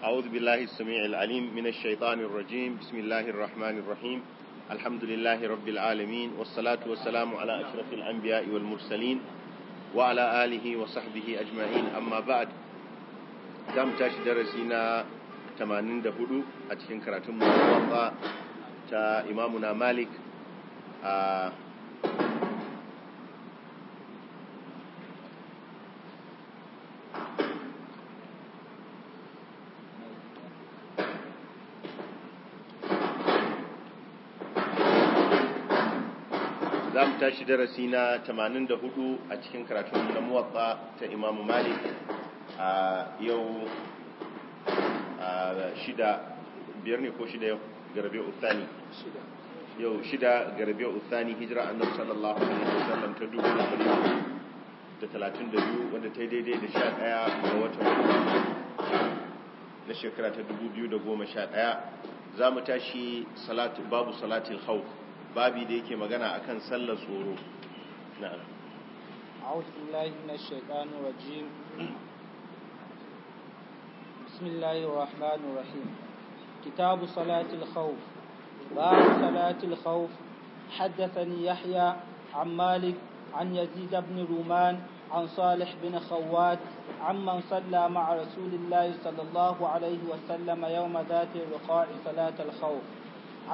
أعوذ بالله السميع العليم من الشيطان الرجيم بسم الله الرحمن الرحيم الحمد لله رب العالمين والصلاة والسلام على أشرف الأنبياء والمرسلين وعلى آله وصحبه أجمعين أما بعد كم تاش درسنا 84 أتكن كراتم موضوع تا إمامنا مالك آه shi darasi na 84 a cikin karatun na muwatsa ta imamu malik a yau a shida biyar ne ko shida yau garabe uthani yau shida garabe uthani hijira annabi sallallahu alaihi wasallam ta dubu da da talatin da biyu wanda ta yi daidai da sha daya ga watan na shekara ta dubu biyu da goma sha daya za mu tashi babu salatul hauk babi da yake magana akan sallar tsoro na'am a'udhu billahi minash shaitanir rajim bismillahir rahmanir rahim kitabu salatil khawf باب صلاة الخوف حدثني يحيى an مالك عن يزيد بن رومان عن صالح بن خوات عمن صلى مع رسول الله صلى الله عليه وسلم يوم ذات الرقاع صلاة الخوف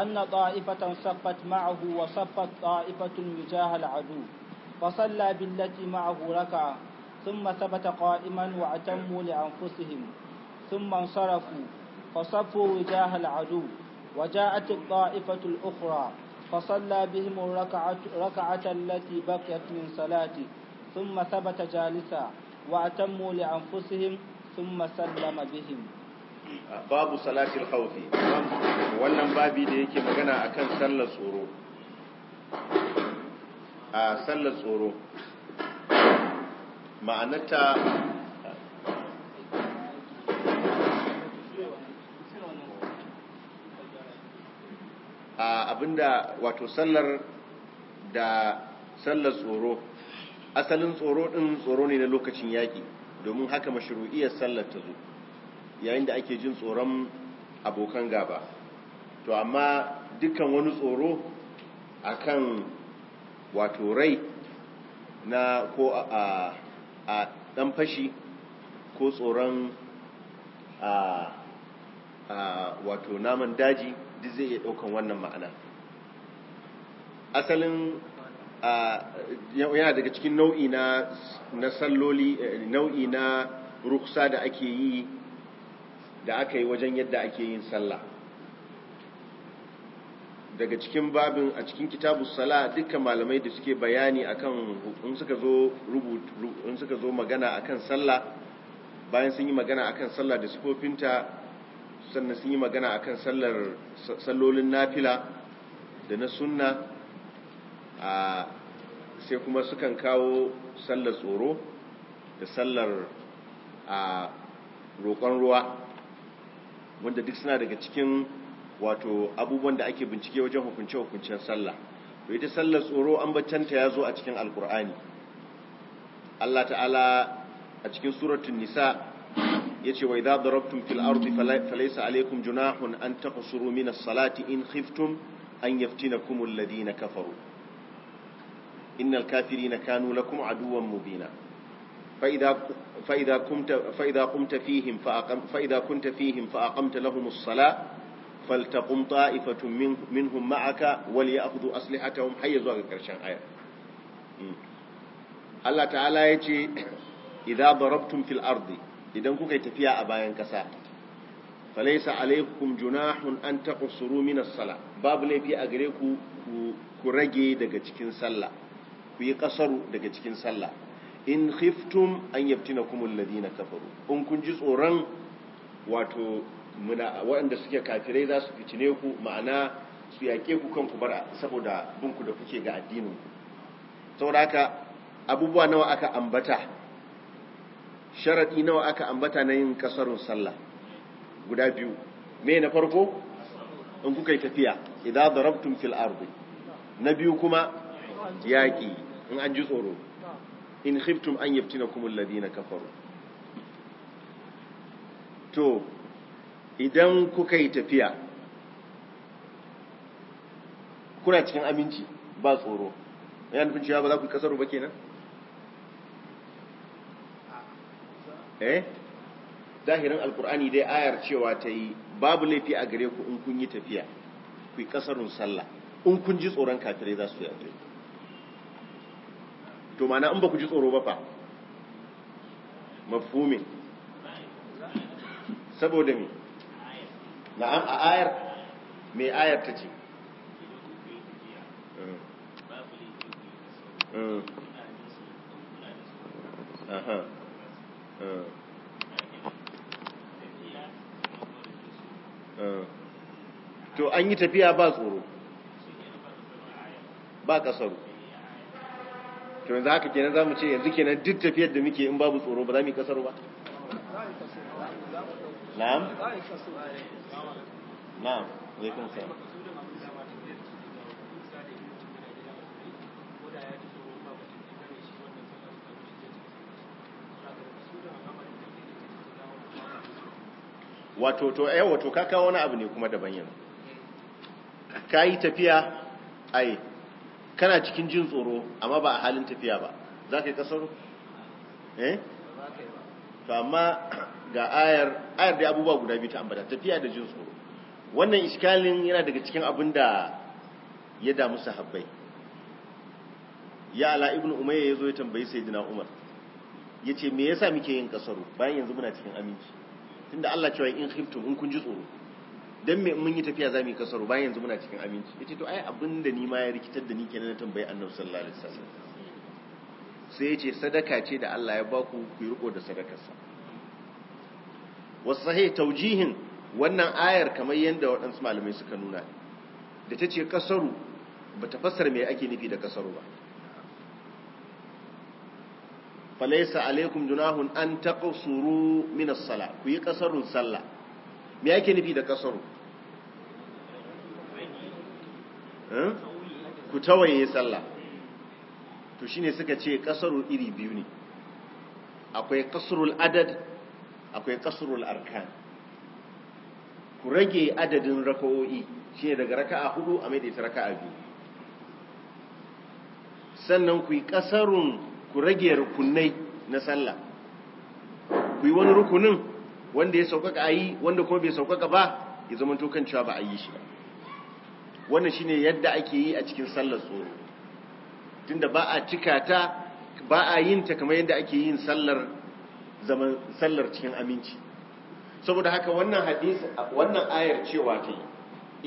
أن طائفة صفت معه وصفت طائفة وجاه العدو فصلى بالتي معه ركعة ثم ثبت قائما واعتموا لأنفسهم ثم انصرفوا فصفوا وجاه العدو وجاءت الطائفة الأخرى فصلى بهم الركعة التي بقيت من صلاته ثم ثبت جالسا وأتموا لأنفسهم ثم سلم بهم babu salatin khawfi wannan babi da yake magana akan sallar tsoro a sallar tsoro ma'anarta abinda wato sallar da sallar tsoro asalin tsoro din tsoro ne na lokacin yaƙi domin haka mashru'iyyar sallar ta zo yayin da ake jin tsoron abokan gaba to amma dukkan wani tsoro akan wato rai na ko a dan fashi ko tsoron a wato naman daji duk zai iya daukan wannan ma'ana asalin yana daga cikin nau'i na salloli eh, nau'i na ruksa da ake yi da aka yi wajen yadda ake yin sallah daga cikin babin a cikin kitabu sala dukkan malamai da suke bayani akan in suka zo rubutu in suka zo magana akan sallah bayan sun yi magana akan sallah da sifofinta sannan sun yi magana akan sallar sallolin nafila da na sunna a sai kuma sukan kawo sallar tsoro da sallar a roƙon ruwa wanda duk suna daga cikin wato abubuwan da ake bincike wajen hukunce-hukuncen sallah to ita sallar tsoro an bacanta ya zo a cikin alkur'ani Allah ta'ala a cikin suratun nisa ya ce wai idha darabtum fil ardi falaysa alaykum junahun an taqsuru min minas salati in khiftum an kumulladi na kafaru innal kafirina kanu lakum aduwwan mubina فإذا كنت, فإذا قمت فيهم فأقم فإذا كنت فيهم فأقمت لهم الصلاة فلتقم طائفة من منهم معك وليأخذوا أسلحتهم حي زوغ كرشان آية الله تعالى يجي إذا ضربتم في الأرض إذا كنت تفيا أبايا كسا فليس عليكم جناح أن تقصروا من الصلاة باب لي في أغريكو كرجي دقا تكين صلاة في قصر دقا تكين صلاة in khiftum an kumul ladina kafaru in kun ji tsoron wato muna waɗanda suke kafirai za su fitine ku ma'ana su yaƙe ku kanku bar saboda binku da kuke ga addinin ku saboda haka abubuwa nawa aka ambata sharadi nawa aka ambata na yin kasarun sallah guda biyu me na farko in kuka yi tafiya idza darabtum fil ardi na biyu kuma yaƙi in an ji tsoro in khiftum an yaftinakum alladhina kafaru to idan kuka yi tafiya kuna cikin aminci ba tsoro ya nufin cewa ba za ku yi kasaru ba kenan eh zahirin alkur'ani dai ayar cewa ta yi babu laifi a gare ku in kun yi tafiya ku yi kasarun sallah in kun ji tsoron kafirai za su yi a to mana an ba ku ji tsoro ba fa mafhumin saboda me na'am a ayar me ayar ta ce eh. Eh. Eh. to an yi tafiya ba tsoro ba kasaru to yanzu haka kenan za mu ce yanzu kenan duk tafiyar da muke in babu tsoro ba za mu yi kasar ba na'am na'am alaikum sa wato to eh wato ka kawo wani abu ne kuma daban yanzu ka yi tafiya ai kana cikin jin tsoro amma ba a halin tafiya ba za ka yi kasar eh to amma ga ayar ayar da abubuwa guda biyu ta ambata tafiya da jin tsoro wannan iskalin yana daga cikin abin da ya damu sahabbai ya ala ibnu umayya yazo ya tambayi sayyidina umar yace me yasa muke yin kasaru bayan yanzu muna cikin aminci tunda Allah cewa in khiftum in kun ji tsoro dan me mun yi tafiya zamu yi kasaro bayan yanzu muna cikin aminci yace to ai da ni ma ya rikitar da ni kenan na tambayi annabi sallallahu alaihi wasallam sai yace sadaka ce da Allah ya baku ku yi riko da sadakarsa Wasu sahih tawjihin wannan ayar kamar yadda waɗansu malamai suka nuna da ta tace kasaru bata fassara me ake nufi da kasaro ba falaisa alaikum junahun an taqsuru min as sala ku yi kasarun sallah me ake nufi da kasaru Hmm? ku tawaye sallah to shine suka ce kasaru iri biyu ne akwai kasrul adad akwai kasrul arkan ku rage adadin raka'o'i shine daga raka'a hudu a mai da ita raka'a biyu sannan ku yi kasarun ku rage rukunai na sallah ku yi wani rukunin wanda ya sauƙaƙa a yi wanda kuma bai sauƙaƙa ba ya zama tokancewa kan cewa ba a yi shi ba wannan shine yadda ake yi a cikin sallar tsoro tunda ba a cika ta ba a yin ta kamar yadda ake yin sallar zaman sallar cikin aminci saboda haka wannan hadisi wannan ayar cewa ta yi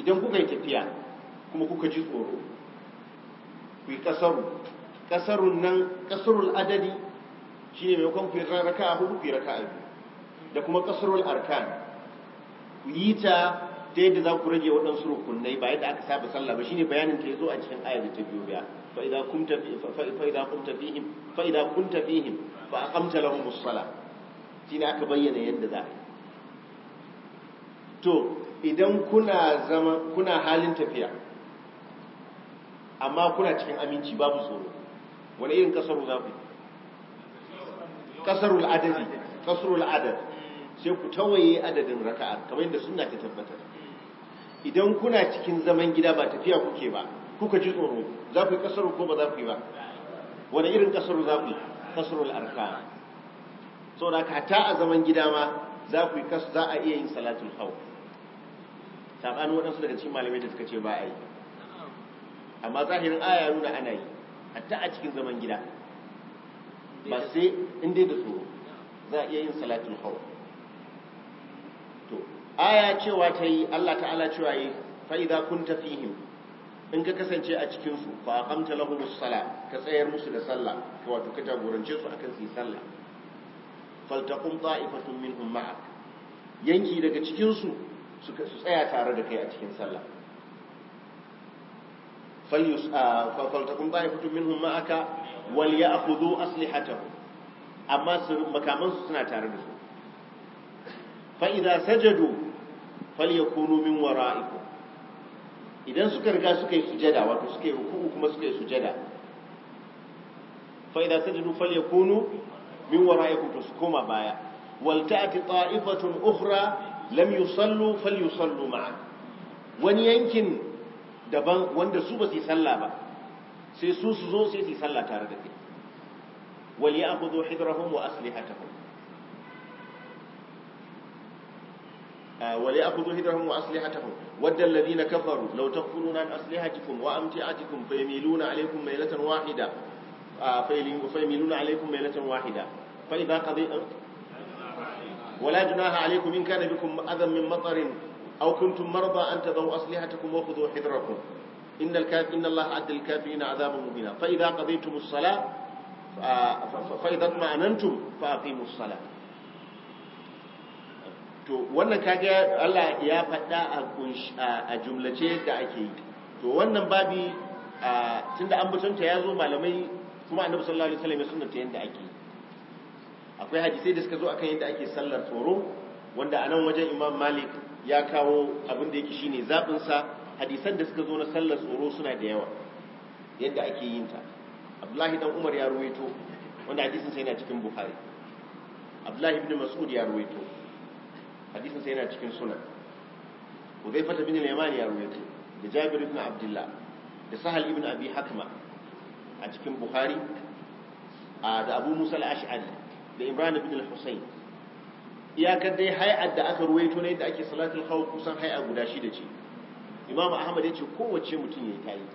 idan kuka yi tafiya kuma kuka ji tsoro ku yi kasaru kasarun nan kasarul adadi shine maimakon ku yi raka'a hudu ku yi biyu da kuma kasarul arkan ku yi ta ta yadda za ku rage waɗansu rukunai ba yadda aka saba sallah ba shine bayanin ta yazo a cikin ayar da ta biyo biya fa idza kunta fa idza kunta fihim fa idza kunta fihim fa aqamta lahum as-salah shine aka bayyana yadda za to idan kuna zama kuna halin tafiya amma kuna cikin aminci babu tsoro wani irin kasaru za ku kasarul adadi kasarul adad sai ku tawaye adadin raka'a kamar yadda sunna ta tabbatar idan kuna cikin zaman gida ba tafiya kuke ba kuka ji tsoro za ku yi kasaro ko ba za ku yi ba wani irin kasaro za ku yi kasaro al'arka so da ka ta a zaman gida ma za ku yi kasu za a iya yin salatul hau saɓanin waɗansu daga cikin malamai da suka ce ba a yi amma zahirin aya nuna ana yi hatta a cikin zaman gida ba sai inda da tsoro za a iya yin salatul hau to aya cewa ta yi Allah ta'ala cewa yi fa'iza kun fihim in ka kasance a cikinsu ba a kamta lahumus sala ka tsayar musu da sallah ka wato ka jagorance su akan su yi sallah Faltakun ta'ifatun minhum ma'ak yanki daga cikinsu su tsaya tare da kai a cikin sallah faltakun ba ya fito min hun ma'aka wal ya akudu aslihatahu amma makamansu suna tare da su fa'iza sajadu falyakunu min wara'ikum idan suka riga suka yi sujada wato suka yi ruku'u kuma suka yi sujada fa idza sajadu falyakunu min wara'ikum to su koma baya wal ta'ti ta'ifatun ukhra lam yusallu falyusallu ma'a wani yankin daban wanda su ba su yi sallah ba sai su su zo sai su yi sallah tare da kai wal ya'khudhu hidrahum wa aslihatahum wale aku zuhi da hannu asali hata hun waddan lari na kafaru lautar fununan asali haji kun wa amci a jikin faimiluna alaikun mai latan wahida faimiluna alaikun mai latan wahida fai fa idan ma'anantum sala to wannan kaga Allah ya faɗa a jumlace yadda ake yi to wannan babi tunda an butunta ya zo malamai kuma annabi sallallahu alaihi wasallam ya sunnata yadda ake akwai hadisai da suka zo akan yadda ake sallar tsoro wanda a nan wajen imam malik ya kawo abin da yake shine sa hadisan da suka zo na sallar tsoro suna da yawa yadda ake yin ta abdullahi dan umar ya ruwaito wanda hadisin sa yana cikin bukhari abdullahi ibn mas'ud ya ruwaito hadisin sai yana cikin sunan fata bin al-Yamani ya rawaito da Jabir ibn Abdullah da Sahal ibn Abi Hakma a cikin Bukhari da Abu Musa al-Ash'ari da Imran ibn al-Husayn iyakar dai hay'ar da aka ruwaito ne da ake salatul khawf kusan hay'a guda shida ce Imam Ahmad ya ce kowace mutum yayi tayi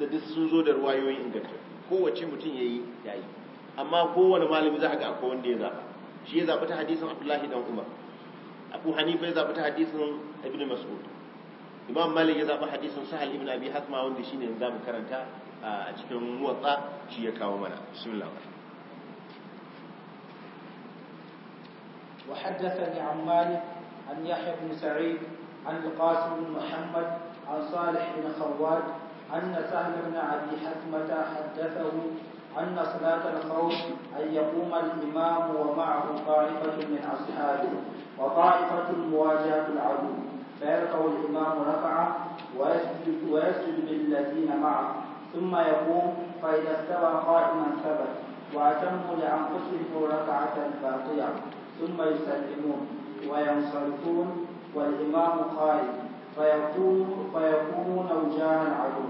da duk sun zo da ruwayoyin inganta kowace mutum yayi tayi amma kowane malami za ka ga akwai wanda ya zaba shi ya zaba ta hadisin Abdullahi dan Umar abu hanifa ya zaɓi ta hadisin ibn mas'ud imam malik ya zaɓi hadisin sahal ibn abi hatma wanda shine yanzu zamu karanta a cikin muwatsa shi ya kawo mana bismillah wa haddathani an malik an yahya ibn sa'id an qasim ibn muhammad an salih ibn khawad anna sahal ibn abi hatma ta haddathahu أن صلاة الخوف أن يقوم الإمام ومعه طائفة من أصحابه وطائفة مواجهة العدو فيركع الإمام ركعة ويسجد, ويسجد بالذين معه ثم يقوم فإذا استوى قائما ثبت وأتموا لأنفسهم ركعة باقية ثم يسلمون وينصرفون والإمام قائم فيقوم فيقومون وجاه العدو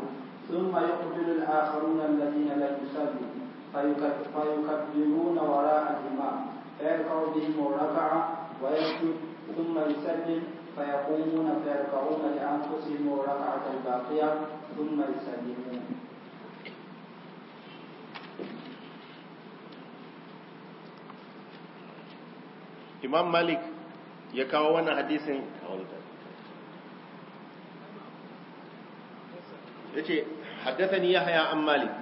ثم يقبل الآخرون الذين لم يسلموا فيكبرون وراء الإمام فيركع بهم الركعة ويسجد ثم يسلم فيقومون فيركعون لأنفسهم الركعة الباقية ثم يسلمون Imam Malik ya kawo wannan hadisin ya ce, Haddasa ni ya haya an Malik,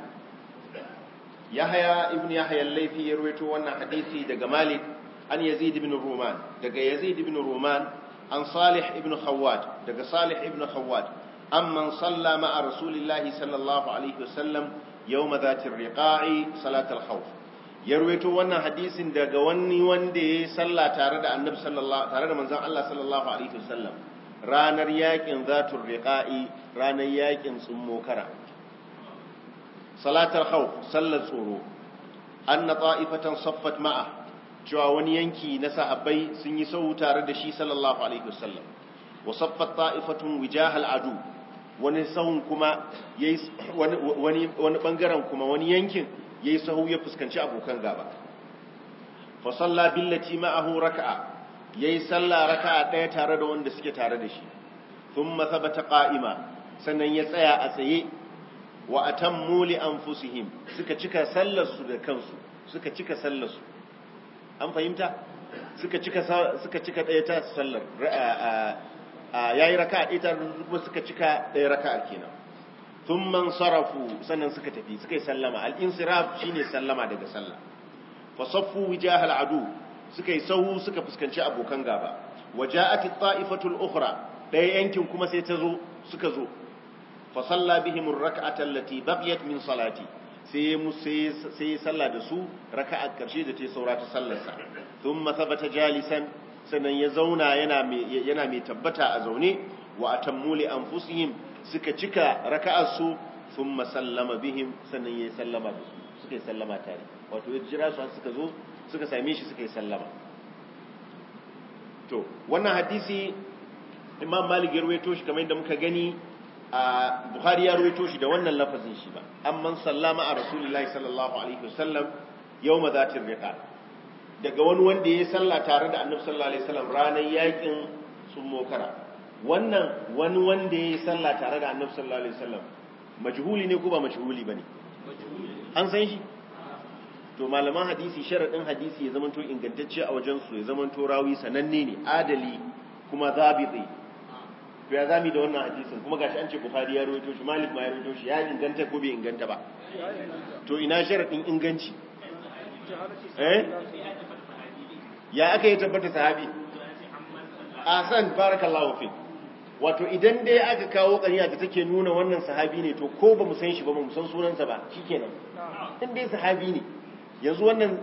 yahya ibn yahya al-laythi ya wannan hadisi daga malik an yazid ibn ruman daga yazid ibn ruman an salih ibn khawwat daga salih ibn khawwat amman salla ma'a rasulillahi sallallahu alaihi wasallam yawm dhati riqa'i salat al-khawf ya rawaito wannan hadisin daga wani wanda ya salla tare da annabi sallallahu tare da manzon Allah sallallahu alaihi wasallam ranar yakin zatul riqa'i ranar yakin tsummokara salatar khawf sallar tsoro an na ta'ifatan saffat ma'a cewa wani yanki na sahabbai sun yi sau tare da shi sallallahu alaihi wasallam wa saffat ta'ifatun wijahal adu wani sahun kuma yayi wani wani bangaren kuma wani yankin yayi sahu ya fuskanci abokan gaba fa salla billati ma'ahu rak'a yayi sallah raka'a daya tare da wanda suke tare da shi thumma thabata qa'ima sannan ya tsaya a tsaye wa muli an anfusihim suka cika sallarsu da kansu suka cika sallarsu an fahimta suka cika suka daya ta sallar yayi raka'a ɗaya ta kuma suka cika daya raka'ar kenan thumma sarafu sannan suka tafi suka yi sallama al shi ne sallama daga sallah fasaffu saffu wijahal suka yi sahu suka fuskanci abokan gaba waje at-ta'ifatu al-ukhra ɗaya yankin kuma sai ta zo suka zo fa salla bihim ar-rak'ata allati baqiyat min salati sai mu sai salla da su raka'a karshe da ta saura ta sallarsa thumma thabata jalisan sannan ya zauna yana mai tabbata a zaune wa atammu li anfusihim suka cika raka'ar su thumma sallama bihim sannan ya sallama da su suka yi sallama tare wato suka zo suka shi suka yi sallama to hadisi imam malik ya rawaito shi kamar yadda muka gani Bukhari ya rubuto shi da wannan lafazin shi ba amman sallama a rasulullahi sallallahu alaihi wasallam ma zatir rika daga wani wanda ya salla tare da annabi sallallahu alaihi wasallam ranar yakin mokara wannan wani wanda ya salla tare da annabi sallallahu alaihi wasallam majhuli ne ko ba majhuli bane an san shi to malaman hadisi sharadin hadisi ya to ingantacce a wajen su ya to rawi sananne ne adali kuma zabiti to ya zami da wannan hadisin kuma gashi an ce bukhari ya rawaito shi malik ma ya rawaito shi ya inganta ko bai inganta ba to ina sharadin inganci eh ya aka yi tabbata sahabi asan barakallahu fi wato idan dai aka kawo ƙarya da take nuna wannan sahabi ne to ko ba mu san shi ba ba mu san sunansa ba shikenan in dai sahabi ne yanzu wannan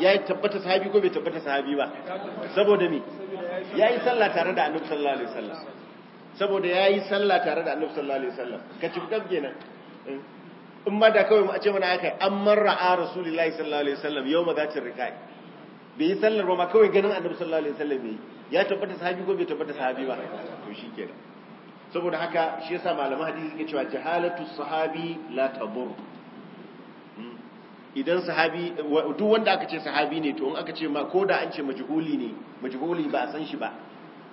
ya tabbata sahabi ko bai tabbata sahabi ba saboda me ya yi sallah tare da annabi sallallahu alaihi wasallam saboda ya yi sallah tare da annabi sallallahu alaihi wasallam ka cibgab kenan eh. in ma da kawai mu a ce mana haka an marra a rasulullahi sallallahu alaihi wasallam yau ma zacin rikai bai yi sallar ba ma kawai ganin annabi sallallahu alaihi wasallam bai ya tabbata sahabi ko bai tabbata sahabi ba to shikenan saboda haka shi yasa malaman hadisi suke cewa jahalatu sahabi la tabur idan sahabi duk wanda aka ce sahabi ne to in aka ce ma ko da an ce majhuli ne majhuli ba a san shi ba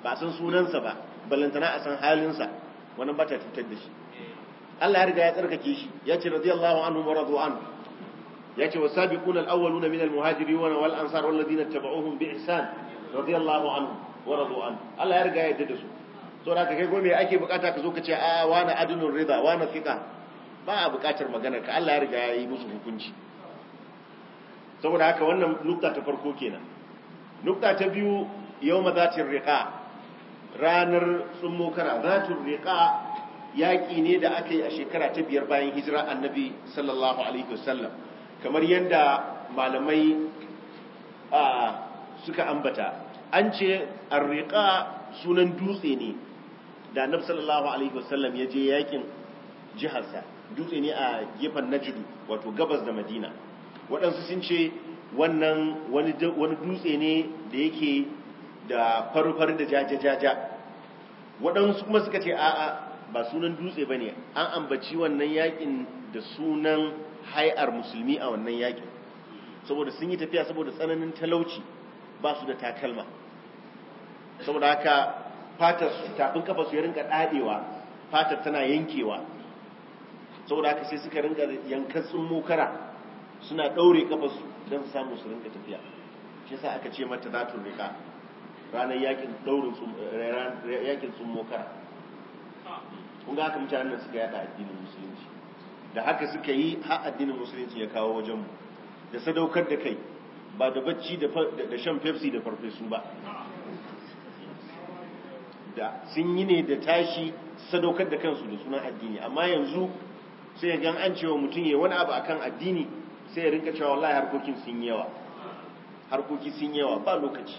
ba a san sunansa ba balantana a san halinsa wannan ba ta cutar da shi Allah ya riga ya tsarkake shi ya ce radiyallahu anhu wa radu anhu ya ce wasabiqun alawwaluna min almuhajirin wal ansar wal ladina tabauhum bi ihsan radiyallahu anhu wa radu anhu Allah ya riga ya yarda da su to da kai me ake bukata ka zo ka ce a wani adinun rida wani fiqa ba a bukatar magana ka Allah ya riga ya yi musu hukunci saboda haka wannan nukta ta farko kenan nukta ta biyu yau ta riƙa ranar sun za zatin riƙa yaƙi ne da aka yi a shekara ta biyar bayan hijira annabi sallallahu alaihi wasallam kamar yadda malamai suka ambata an ce an riƙa sunan dutse ne da annabi sallallahu alaihi wasallam ya je yaƙin jiharsa dutse ne a gefen najidu wato gabas da madina waɗansu sun ce wannan wani dutse ne da yake da farfar da jajajaja waɗansu kuma suka ce a'a ba sunan dutse ba ne an ambaci wannan yakin da sunan hai'ar musulmi a wannan yakin saboda sun yi tafiya saboda tsananin talauci ba su da takalma saboda haka fatar tafin kafa su ya rinka fatar tana yankewa saboda haka sai suka rinka yankan mokara. suna ɗaure kafarsu don samun su rinka tafiya shi sa aka ce mata za ta rika ranar yakin ɗaurin eh, yakin sun mokara kun ga haka mutanen suka yada addinin musulunci da haka suka yi har addinin musulunci ya kawo wajenmu da sadaukar da kai ba da bacci da shan pepsi da farfesu ba da sun yi ne da tashi sadaukar da kansu da sunan addini amma yanzu sai ya an cewa mutum ya wani abu akan addini sai ya rinka cewa wallahi harkokin sun yawa harkoki sun yawa ba lokaci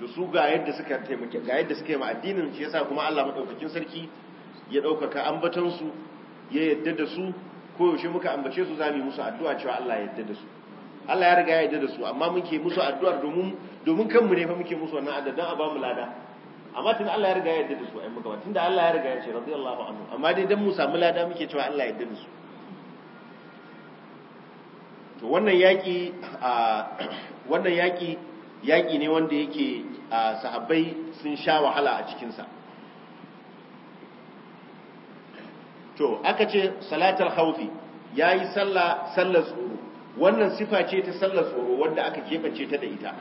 to su ga yadda suka taimake ga yadda suka yi ma addinin shi yasa kuma Allah madaukakin sarki ya daukaka ambaton su ya yadda da su ko yaushe muka ambace su zamu musu addu'a cewa Allah ya yadda da su Allah ya riga ya yadda da su amma muke musu addu'a domin domin kanmu ne fa muke musu wannan addu'a dan a ba mu lada amma tun Allah ya riga ya yadda da su ai muka tunda Allah ya riga ya ce radiyallahu anhu amma dai dan mu samu lada muke cewa Allah ya yadda da su to wannan yaƙi wannan yaƙi yaƙi ne wanda yake sahabbai sun sha wahala a cikinsa to aka ce salatar haufi ya yi sallar tsoro wannan sifa ce ta sallar tsoro wanda aka keɓance ta da ita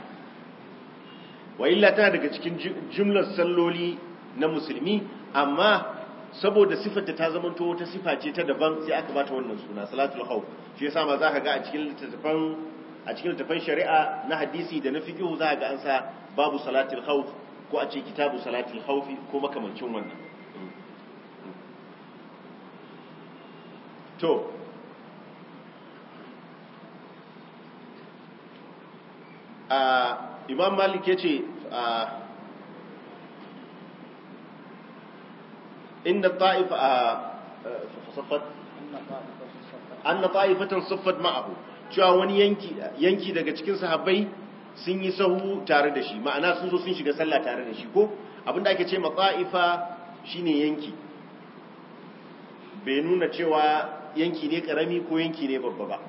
wa illa tana daga cikin jumlar salloli na musulmi amma saboda sifar da ta zamanto wata sifa ce ta daban sai aka bata wannan suna salatul khawf shi yasa ma zaka ga a cikin littafin a cikin littafin shari'a na hadisi da na fiqh za ga an sa babu salatul khawf ko a ce kitabu salatul khawf ko makamancin wannan to a imam malik yace inna ta'ifa anna ta'ifatan suffat ma'ahu cewa wani yanki yanki daga cikin sahabbai sun yi sahu tare da shi ma'ana sun zo sun shiga sallah tare da shi ko abinda ake ce ma ta'ifa shine yanki bai nuna cewa yanki ne karami ko yanki ne babba ba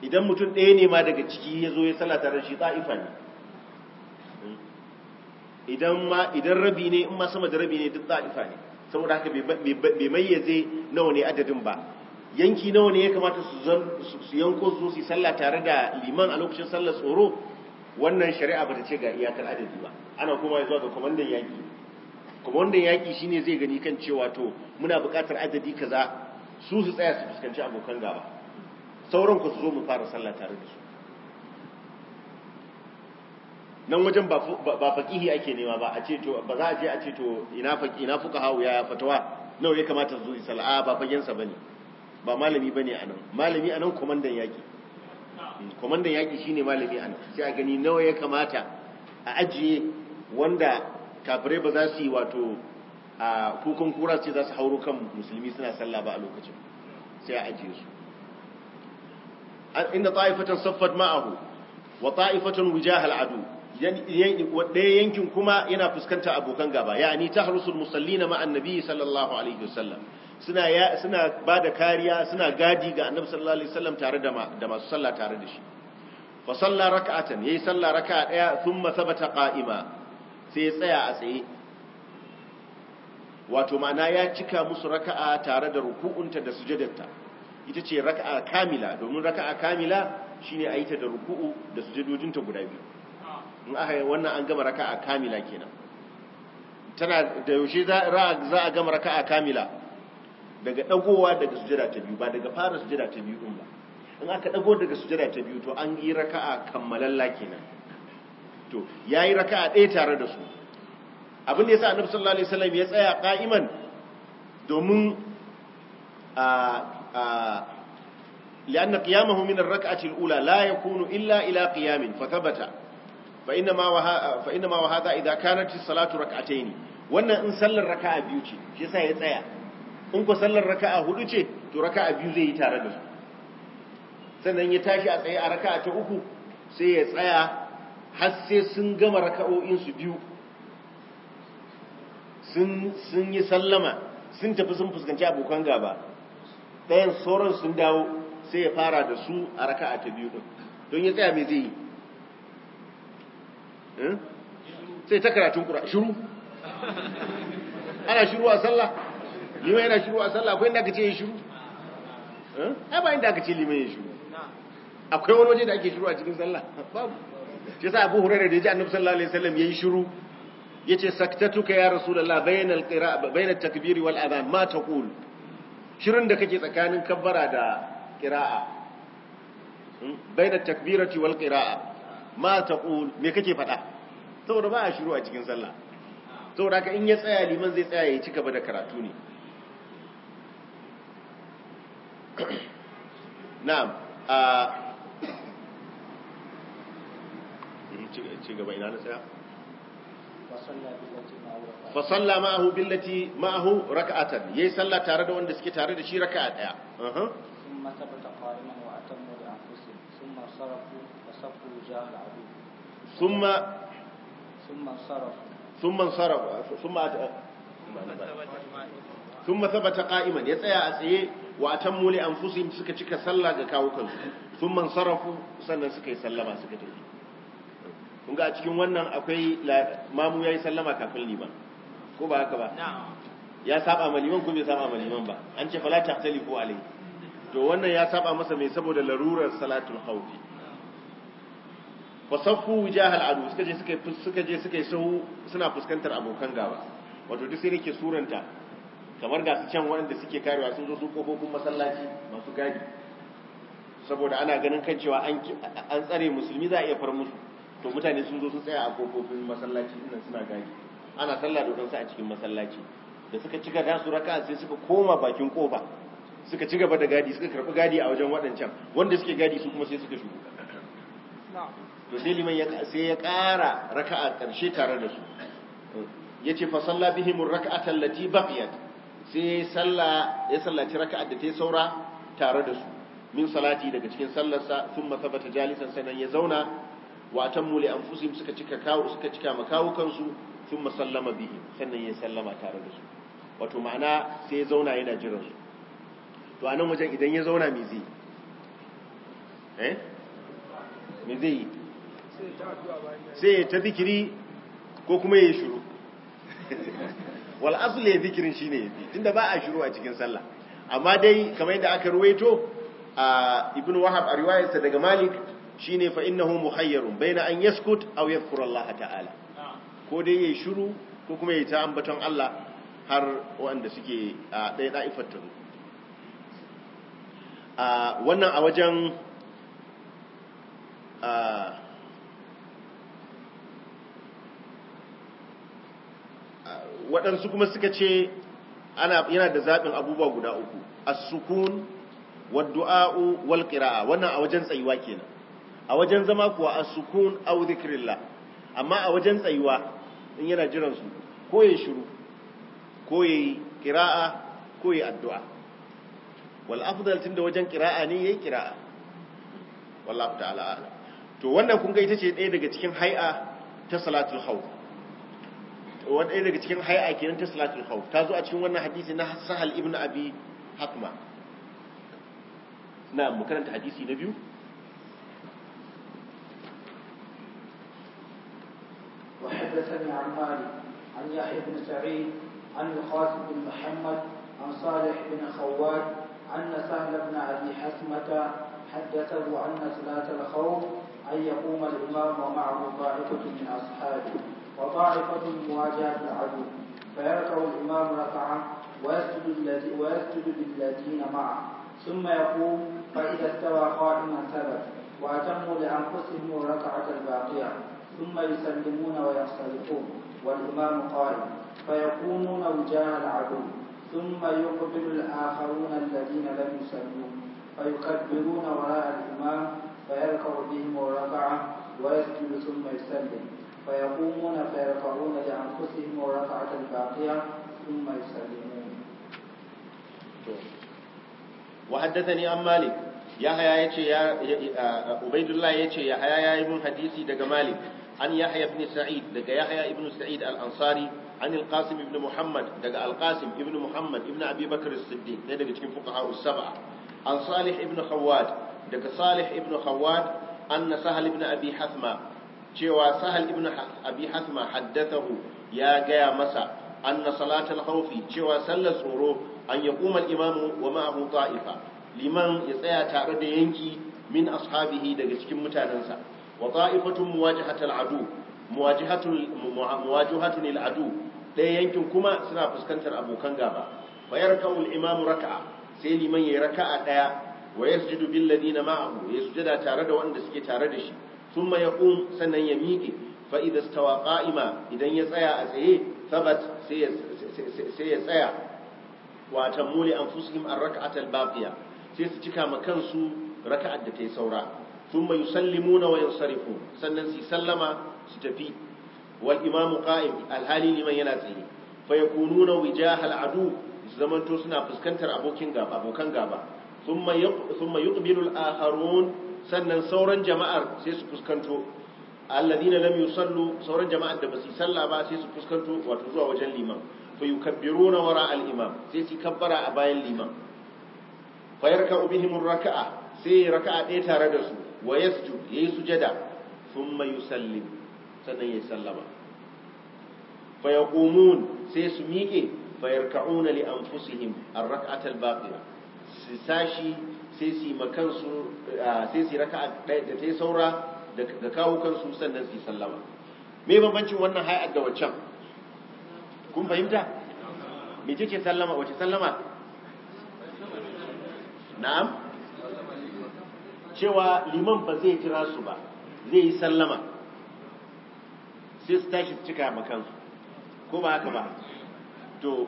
idan mutum ɗaya ne ma daga ciki ya zo ya sallah tare da shi ta'ifa ne idan ma idan rabi ne in ma sama da rabi ne duk ta'ifa ne saboda haka bai mayyaze nawa ne adadin ba yanki nawa ne ya kamata su yanko su su sallah tare da liman a lokacin sallar tsoro wannan shari'a ba ta ce ga iyakar adadi ba ana kuma zuwa ga kwamandan yaƙi kwamandan yaƙi shine zai gani kan cewa to muna buƙatar adadi kaza su su tsaya su fuskanci abokan gaba sauran ku su zo mu fara sallah tare da su nan wajen ba faqihi ake nema ba a ce to ba za a je a ce to ina fuka ina fuqaha ya fatawa nawa ya kamata su sal'a ba fagen sa ne ba malami ba ne a nan malami a nan kwamandan yaƙi hmm, kwamandan yaƙi shi ne malami a nan sai a gani nawa ya kamata a ajiye wanda kafirai ba za su yi wato a kukan kura ce za su hauro kan musulmi suna sallah ba a lokacin sai a ajiye su inda ta'ifatan saffat ma'ahu wa ta'ifatun wijahal adu ɗaya yankin kuma yana fuskanta abokan gaba ni ta harusul musallina ma'an nabi sallallahu alaihi wasallam suna ya suna bada kariya suna gadi ga annabi sallallahu alaihi wasallam tare da da masu sallah tare da shi fa salla rak'atan yayi salla rak'a daya thumma thabata qa'ima sai tsaya a tsaye wato ma'ana ya cika musu raka'a tare da ruku'unta da sujudarta ita ce raka'a kamila domin raka'a kamila shine a yi ta da ruku'u da sujudojinta guda biyu in aka wannan an gama raka'a kamila kenan tana da yaushe za a gama raka'a kamila daga dagowa daga sujada ta biyu ba daga fara sujada ta biyu din ba in aka dago daga sujada ta biyu to an yi raka'a kammalalla kenan to yayi raka'a ɗaya tare da su abin da yasa annabi sallallahu alaihi wasallam ya tsaya qa'iman domin a ar-rak'ati al-ula la yakunu illa ila qiyamin fa thabata fa inna ma wa idza kanat as-salatu rak'atayn wannan in sallar raka'a biyu ce shi yasa ya tsaya in ko sallar raka'a hudu ce to raka'a biyu zai yi tare da su sannan ya tashi a tsaye a raka'a ta uku sai ya tsaya har sai sun gama raka'o'in su biyu sun sun yi sallama sun tafi sun fuskanci abokan gaba ɗayan sauran sun dawo sai ya fara da su a raka'a ta biyu don ya tsaya mai zai yi Eh? sai ta karatun ƙura shiru ana shiru a sallah liman yana shiru a sallah akwai inda aka ce ya shiru eh? ai ba inda aka ce liman ya shiru akwai wani waje da ake shiru a cikin sallah babu shi sa abu hurairar da ya ji annabu sallallahu alaihi sallam ya yi shiru ya ce saktatuka ya rasulallah bayan takbiri wal adhan ma ta kul shirin da kake tsakanin kabbara da kira'a, hmm? bayan takbirati wal kira'a. ma taqul me kake faɗa saboda ba a shiru a cikin sallah saboda haka in ya tsaya liman zai tsaya ya ci gaba da karatu ne na'am a ci gaba ina na tsaya fasalla ma'ahu billati ma'ahu raka'atan yayi sallah tare da wanda suke tare da shi raka'a daya صفوا وجاه العدو ثم ثم انصرف ثم انصرف ثم ثم ثبت قائما يتسيا أتسيه وأتموا لأنفسهم سكا تشكا سلا كاوكن ثم انصرفوا yi sallama suka سكا تشكا kunga a cikin wannan akwai mamu ya yi sallama kafin liman ko ba haka ba ya saba ma liman ko bai saba ma liman ba an ce fala tahtalifu alayhi to wannan ya saba masa mai saboda larurar salatul khawfi fasaffu wijahal adu suka je suka suka je suka yi sahu suna fuskantar abokan gaba wato duk sai nake suranta kamar ga su can waɗanda suke karewa sun zo su kofofin masallaci masu gadi saboda ana ganin kan cewa an an tsare musulmi za a iya far musu to mutane sun zo sun tsaya a kofofin masallaci nan suna gadi ana sallah da su a cikin masallaci da suka cika da su raka'a sai suka koma bakin kofa suka ci gaba da gadi suka karbi gadi a wajen waɗancan wanda suke gadi su kuma sai suka shugo to sai liman sai ya ƙara raka'a ƙarshe tare da su yace fa salla bihim ar-rak'ata allati baqiyat sai salla ya sallaci raka'a da ta saura tare da su min salati daga cikin sallarsa thumma thabata jalisan sanan ya zauna wa atammu li anfusihim suka cika kawo suka cika makawo kansu thumma sallama bihim sannan ya sallama tare da su wato ma'ana sai ya zauna yana jiran su to anan wajen idan ya zauna me zai eh me zai yi sai ya ta zikiri ko kuma ya shiru wal ne ya zikirin shine yafi tunda ba a shuru a cikin sallah amma dai kamar yadda aka ruwaito a ibn wahab a riwayarsa daga malik shine fa innahu muhayyarun na an yaskut aw yadhkura laha ta'ala ko dai yayi shuru ko kuma ya ta ambaton Allah har wanda suke a ɗaya da'ifar wannan a wajen Uh, uh, waɗansu kuma suka ce yana da zaɓin abubuwa guda uku a sukun wad-du'a'u wannan a wajen tsayuwa kenan a wajen zama kuwa a sukun aw amma a wajen tsayuwa in yana jiran su ko yayi shiru ko yi ƙira'a, ko yi addu'a wal da tunda wajen ƙira'a ne yayi qira'a wallahu ta'ala to wannan kun ga ita ce ɗaya daga cikin hai'a ta salatul khawf wanda ɗaya daga cikin hai'a kenan ta salatul hau ta zo a cikin wannan hadisi na sahal ibn abi hakma na mu karanta hadisi na biyu وحدثني عن مالك عن يحيى بن سعيد عن القاسم بن محمد عن صالح بن خوات أن سهل بن أبي حسمة حدثه أن صلاة الخوف أن يقوم الإمام ومعه طائفة من أصحابه وطائفة مواجهة العدو فيركع الإمام ركعة ويسجد ويسجد للذين معه ثم يقوم فإذا استوى قائما ثبت وأتموا لأنفسهم الركعة الباقية ثم يسلمون وينصرفون والإمام قائم فيقومون وجاه العدو ثم يقبل الآخرون الذين لم يسلموا فيكبرون وراء الإمام فيركع بهم وركع ويسجد ثم يسلم فيقومون فيرفعون لانفسهم ركعة باقية ثم يسلمون. وحدثني عن مالك يا يحيى يا عبيد الله يحيى يا يا ابن حديثي دغ مالك عن يحيى بن سعيد دغ يحيى ابن سعيد الانصاري عن القاسم ابن محمد دغ القاسم ابن محمد ابن ابي بكر الصديق دغ cikin فقهاء السبعه عن صالح ابن خواد daga salih ibn khawad anna sahal ibn abi hasma cewa sahal ibn abi hasma haddathahu ya gaya masa anna salatal khawfi cewa sallar tsoro an yi al-imamu wa ma'ahu ta'ifa liman ya tsaya tare da yanki min ashabihi daga cikin mutanansa wa ta'ifatun muwajihatul adu muwajihatul muwajihatul al-adu ɗaya yankin kuma suna fuskantar abokan gaba fa yarka'u al-imamu raka'a sai liman yayi raka'a ɗaya wa yasjudu bil ladina ma'ahu ya sujada tare da wanda suke tare da shi ya yaqum sannan ya miƙe fa idza stawa idan ya tsaya a tsaye thabat sai ya tsaya Watan muli an anfusihim ar-rak'ata atal baqiya sai su cika ma kansu raka'ar da ta yi saura thumma yusallimuna wa yansarifu sannan su sallama su tafi wal imamu qa'im al liman yana tsaye fa yakununa al'adu adu zamanto suna fuskantar abokin gaba abokan gaba thumma yuqbilu al-akharun sannan sauran jama'ar sai su fuskanto alladhina lam yusallu sauran jama'ar da basu salla ba sai su fuskanto wato zuwa wajen liman fa yukabbiruna wara al-imam sai su kabbara a bayan liman fa yarka'u bihim ar sai raka'a ɗaya tare da su wa yasjud yayi sannan ya sallama sai su miƙe fa yarka'una li anfusihim ar a al-baqiyah su tashi sai su yi makansu sai su yi raka da ta yi saura da kawo kansu sannan su yi sallama me bambancin wannan hay'ar da waccan kun fahimta mece ce sallama wace sallama na'am cewa liman ba zai kira su ba zai yi sallama sai su tashi su cika makansu ko ba haka ba to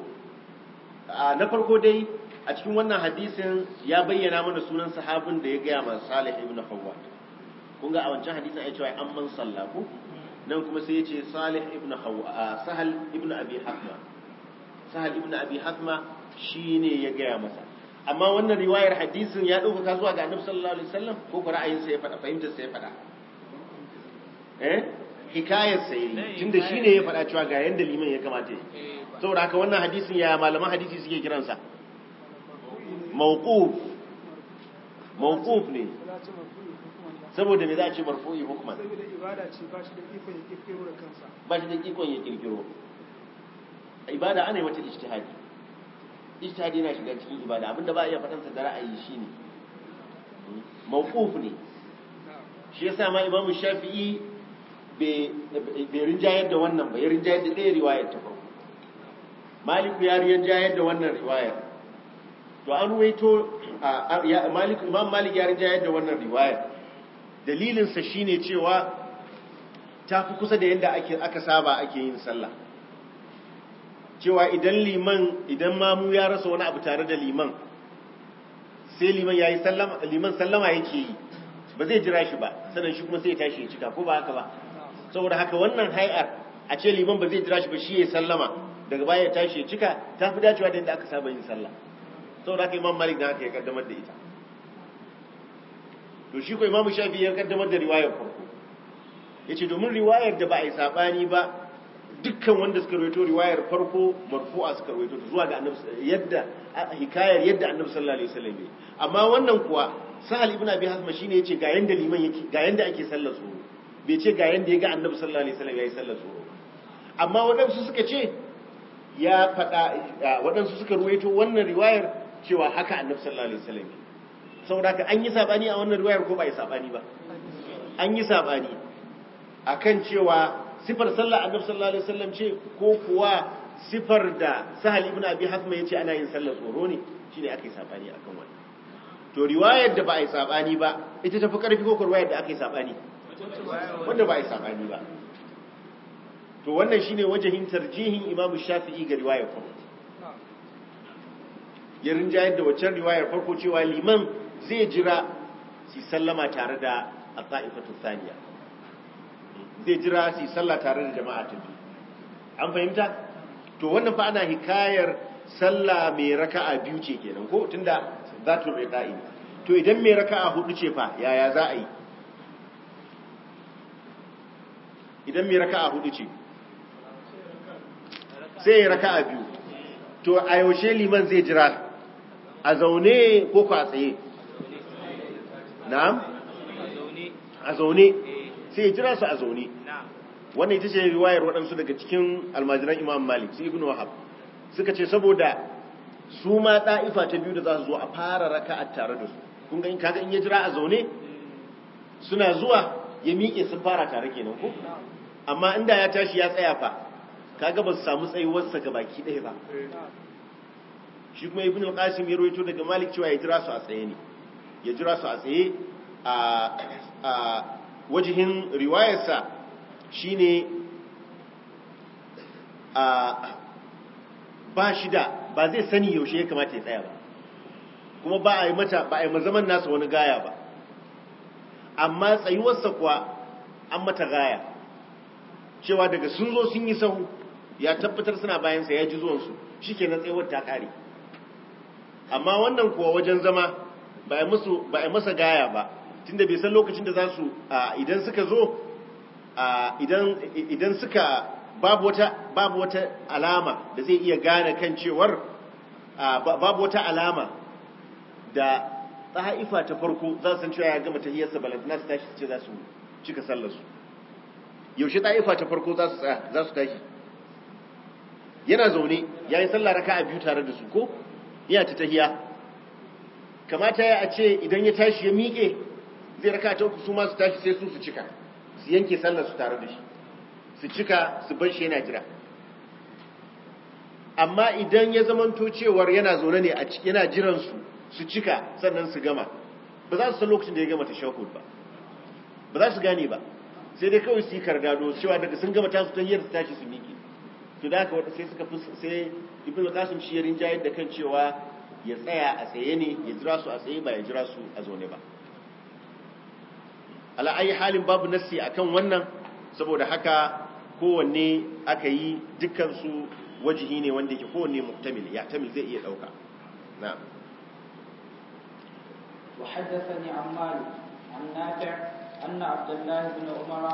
na farko dai a cikin wannan hadisin ya bayyana mana sunan sahabin da ya gaya man salih ibn hawa kun ga a wancan hadisin ai cewa an man sallaku nan kuma sai ya ce salih ibn hawwa sahal ibn abi hatma sahal ibn abi hatma shine ya gaya masa amma wannan riwayar hadisin ya dauka zuwa ga annabi sallallahu alaihi wasallam ko ko ra'ayin sa ya fada fahimtar sa ya fada eh hikayar sa yi eh, tunda shine ya fada cewa ga yanda liman ya kamata yi eh, saboda haka wannan hadisin ya malaman hadisi suke kiransa mawquf mawquf ne saboda me za a ce marfu'i hukman saboda ibada ce ba shi da ikon ya kirkiro da kansa ba shi da ikon ya kirkiro ibada ana yi wata ijtihadi ijtihadi yana shiga cikin ibada abinda ba a iya faɗansa da ra'ayi shine mawquf ne shi yasa ma shafi shafi'i bai rinjayar da wannan ba ya rinjayar da ɗaya riwayar ta farko maliku ya rinjayar da wannan riwayar to an ruwaito malik imam malik ya rinja yadda wannan riwaya dalilinsa shi ne cewa ta fi kusa da yadda aka saba ake yin sallah cewa idan liman idan mamu ya rasa wani abu tare da liman sai liman ya yi sallama liman sallama yake yi ba zai jira shi ba sannan shi kuma sai tashi ya cika ko ba haka ba saboda haka wannan hai'ar a ce liman ba zai jira shi ba shi ya sallama daga baya ya tashi ya cika ta fi dacewa da yadda aka saba yin sallah saboda haka imam malik da haka ya kaddamar da ita to shi ko imam shafi ya kaddamar da riwayar farko ya ce domin riwayar da ba a yi sabani ba dukkan wanda suka rawaito riwayar farko a suka rawaito zuwa ga annabi yadda hikayar yadda annabi sallallahu alaihi wasallam amma wannan kuwa sahal ibn abi hasma shine yace ga yanda liman yake ga yanda ake sallar su bai ce ga yanda ya ga annabi sallallahu alaihi wasallam yayi sallar su amma waɗansu suka ce ya faɗa waɗansu suka rwaito wannan riwayar cewa haka annabi sallallahu alaihi wasallam saboda ka an yi sabani a wannan riwayar ko ba yi sabani ba an yi sabani akan cewa sifar sallah annabi sallallahu alaihi wasallam ce ko kuwa sifar da sahal ibn abi hasma yace ana yin sallar tsoro ne shine aka yi sabani akan wannan to riwayar da ba a yi sabani ba ita tafi karfi ko riwayar da aka yi sabani wanda ba a yi sabani ba to wannan shine wajahin tarjihin imamu shafi'i ga riwayar kuma ya rinjayar da waccan riwayar farko cewa liman zai jira si sallama tare da a taifatu Saniya. zai jira si salla tare da jama'a ta biyu an fahimta to wannan fa ana hikayar salla mai raka'a biyu ce kenan ko tun da riqa'i to idan mai raka'a hudu ce fa yaya za a yi idan mai raka'a hudu ce sai ya raka'a biyu to a yaushe liman zai jira a zaune ko ku a tsaye na'am a zaune sai ya jira su a zaune wannan ita ce riwayar waɗansu daga cikin almajiran imam malik su ibn wahab suka ce saboda su ma ɗa'ifa ta biyu da za su zo a fara a tare da su kun kaga in ya jira a zaune suna zuwa ya miƙe sun fara tare kenan ko amma inda ya tashi ya tsaya fa kaga ba su samu tsayuwarsa ga baki ɗaya ba shi kuma ibn al-qasim ya rawaito daga malik cewa ya jira su a tsaye ne ya jira su a tsaye a wajihin riwayarsa shine a ba shi da ba zai sani yaushe ya kamata ya tsaya ba kuma ba a yi mata ba a yi mazaman nasa wani gaya ba amma tsayuwarsa kuwa an mata gaya cewa daga sun zo sun yi sahu ya tabbatar suna bayansa ya ji zuwansu shi ke na tsayuwar ta kare amma wannan kuwa wajen zama ba a masa gaya ba tunda bai san lokacin da za su idan suka zo idan suka babu wata alama da zai iya gane kan cewar babu wata alama da tsa'ifa ta farko za su san cewa ya gama tahiyyarsa balantana su tashi ce za su cika sallarsu yaushe ta'ifa ta farko za su tashi yana zaune ya yi sallah raka a biyu tare da su ko yana ta tahiya kamata ya a ce idan ya tashi ya miƙe zai raka ta uku su masu tashi sai su su cika su yanke sallar su tare da shi su cika su bar shi yana jira amma idan ya zamanto cewar yana zaune ne a yana jiran su su cika sannan su gama ba za su san lokacin da ya gama ta tashahhud ba ba za su gane ba sai dai kawai su yi kargado cewa daga sun gama ta tasu tanyar su tashi su miƙe to da haka sai suka sai ibn qasim shi ya rinjayar da kan cewa ya tsaya a tsaye ne ya jira su a tsaye ba ya jira su a zaune ba ala ayi halin babu nassi akan wannan saboda haka kowanne aka yi dukkan su wajihi ne wanda yake kowanne muktamil ya tamil zai iya dauka na'am wa haddathani ammal عن نافع أن عبد الله بن عمر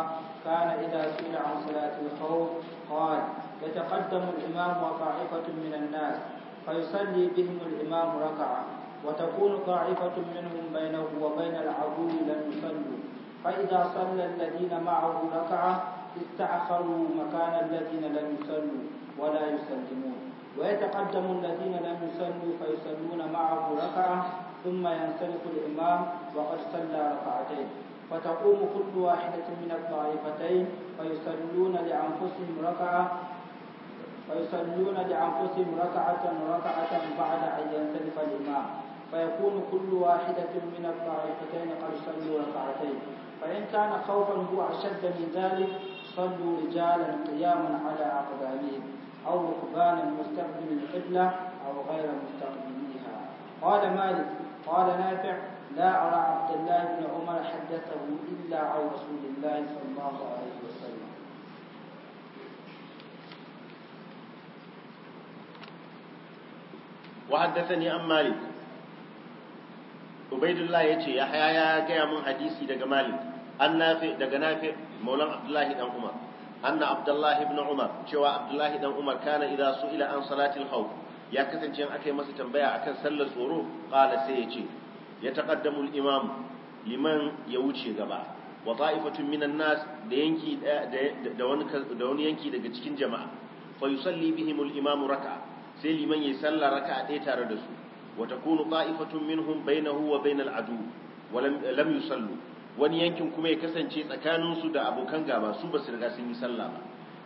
كان إذا سئل عن صلاة الخوف قال يتقدم الإمام وطائفة من الناس فيصلي بهم الإمام ركعة وتكون طائفة منهم بينه وبين العدو لم يصلوا فإذا صلى الذين معه ركعة استأخروا مكان الذين لم يصلوا ولا يسلمون ويتقدم الذين لم يصلوا فيصلون معه ركعة ثم ينسلق الإمام وقد صلى ركعتين فتقوم كل واحدة من الطائفتين فيصلون لأنفسهم ركعة ويصلون لأنفسهم ركعة ركعة بعد أن ينتلف الإمام فيكون كل واحدة من الطائفتين قد صلوا ركعتين فإن كان خوفا هو أشد من ذلك صلوا رجالا قياما على أقدامهم أو ركبانا مستقبل القبلة أو غير مستقبليها قال مالك قال نافع لا أرى عبد الله بن عمر حدثه إلا عن رسول الله صلى الله عليه وسلم wa haddathani an malik ubaidullah yace ya haya ya gaya mun hadisi daga malik an nafi daga nafi maulan abdullahi dan umar anna abdullahi ibn umar cewa abdullahi dan umar kana su ila an salatil khawf ya kasance in aka yi masa tambaya akan sallar tsoro qala sai yace ya taqaddamu al liman ya wuce gaba wa ta'ifatun minan nas da yanki da wani yanki daga cikin jama'a fa yusalli bihim al-imam raka'a sai liman yi sallar raka'a ɗaya tare da su wata takunu qa'ifatun minhum bainahu wa bainal adu wa lam sallu wani yankin kuma ya kasance tsakanin su da abokan gaba su ba su riga sun yi sallah ba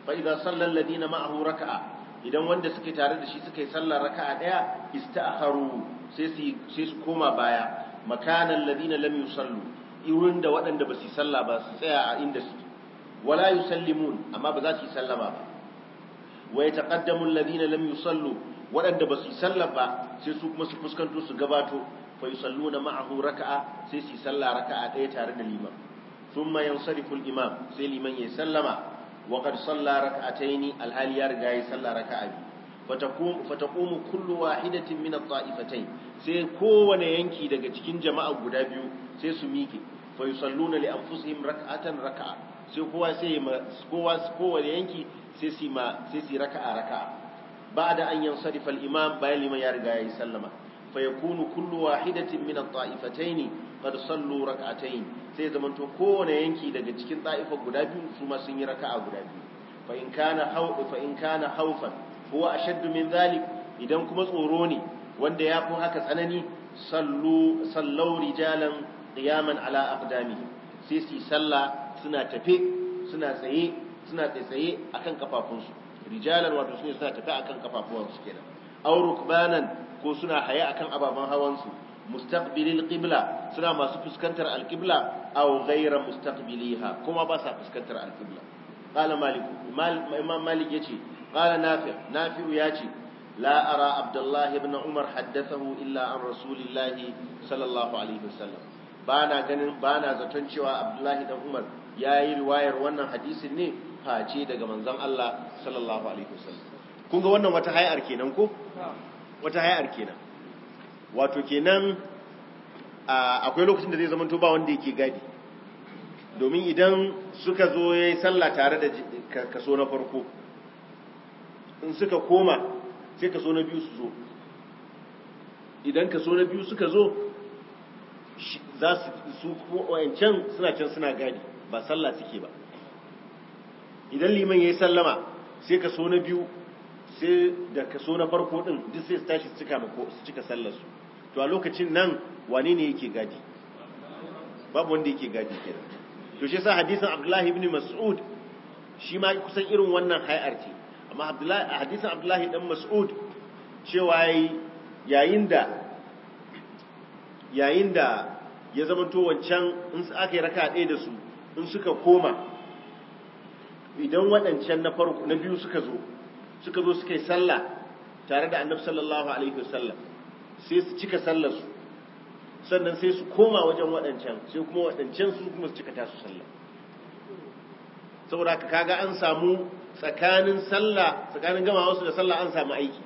fa idza salla ma'ahu raka'a idan wanda suke tare da shi suka yi sallar raka'a ɗaya ista'kharu sai su sai su koma baya makanan ladina lam sallu irin da waɗanda ba su yi sallah ba su tsaya a inda su wala yusallimun amma ba za su yi sallama ba wa ya taqaddamu alladhina lam yusallu waɗanda ba su sallar ba sai su kuma su fuskanto su gabato fa na ma'ahu raka'a sai su salla raka'a ɗaya tare da liman thumma yansarifu al-imam sai liman ya sallama wa qad salla yi ni alhali ya riga ya salla raka'a biyu fatakumu kullu wahidatin min at-ta'ifatain sai kowane yanki daga cikin jama'a guda biyu sai su miƙe fa yusalluna li anfusihim raka'a sai kowa sai kowa kowane yanki sai su raka'a raka'a ba an yansarifa al-imam bayan liman ya riga ya yi sallama fa yakunu kullu wahidatin min at ne qad sallu rak'atayn sai zamanto kowane yanki daga cikin ta'ifa guda biyu su ma sun yi raka'a guda biyu fa in kana haw fa in kana min dhalik idan kuma tsoro ne wanda ya fi haka tsanani sallu sallau rijalan qiyaman ala aqdami sai su suna tafe suna tsaye suna tsaye akan kafafunsu rijalar wato sune suna tafi akan kafafuwansu kenan aw rukbanan ko suna haya akan ababan hawansu mustaqbilil qibla suna masu fuskantar alqibla aw ghayra mustaqbiliha kuma ba sa fuskantar alqibla qala malik imam malik yace qala nafi nafi yace la ara abdullah ibn umar haddathahu illa an rasulillah sallallahu alaihi wasallam bana ganin bana zaton cewa abdullah ibn umar yayi riwayar wannan hadisin ne face daga manzan Allah sallallahu alaihi wasallam kun ga wannan wata hayar kenan ko wata hayar kenan wato kenan akwai lokacin da zai zama ba wanda yake gadi domin idan suka zo yayi sallah tare da kaso na farko in suka koma sai kaso na biyu su zo idan kaso na biyu suka zo za su su wayancan suna can suna gadi ba sallah suke ba idan liman ya yi sallama sai ka so na biyu sai da ka so na farko din duk sai su tashi su cika mako to a lokacin nan wane ne yake gadi babu wanda yake gadi kenan to shi sa hadisin Abdullahi ibn Mas'ud shi ma kusan irin wannan hayar ce amma Abdullahi hadisin Abdullahi dan Mas'ud cewa yayin da yayin da ya zamanto wancan in aka yi raka ɗaya da su in suka koma idan waɗancan na farko na biyu suka zo suka zo suka yi sallah tare da annabi sallallahu alaihi wasallam sai su cika sallar su sannan sai su koma wajen waɗancan sai kuma waɗancan su kuma su cika tasu sallah saboda kaga an samu tsakanin sallah tsakanin gama wasu da sallah an samu aiki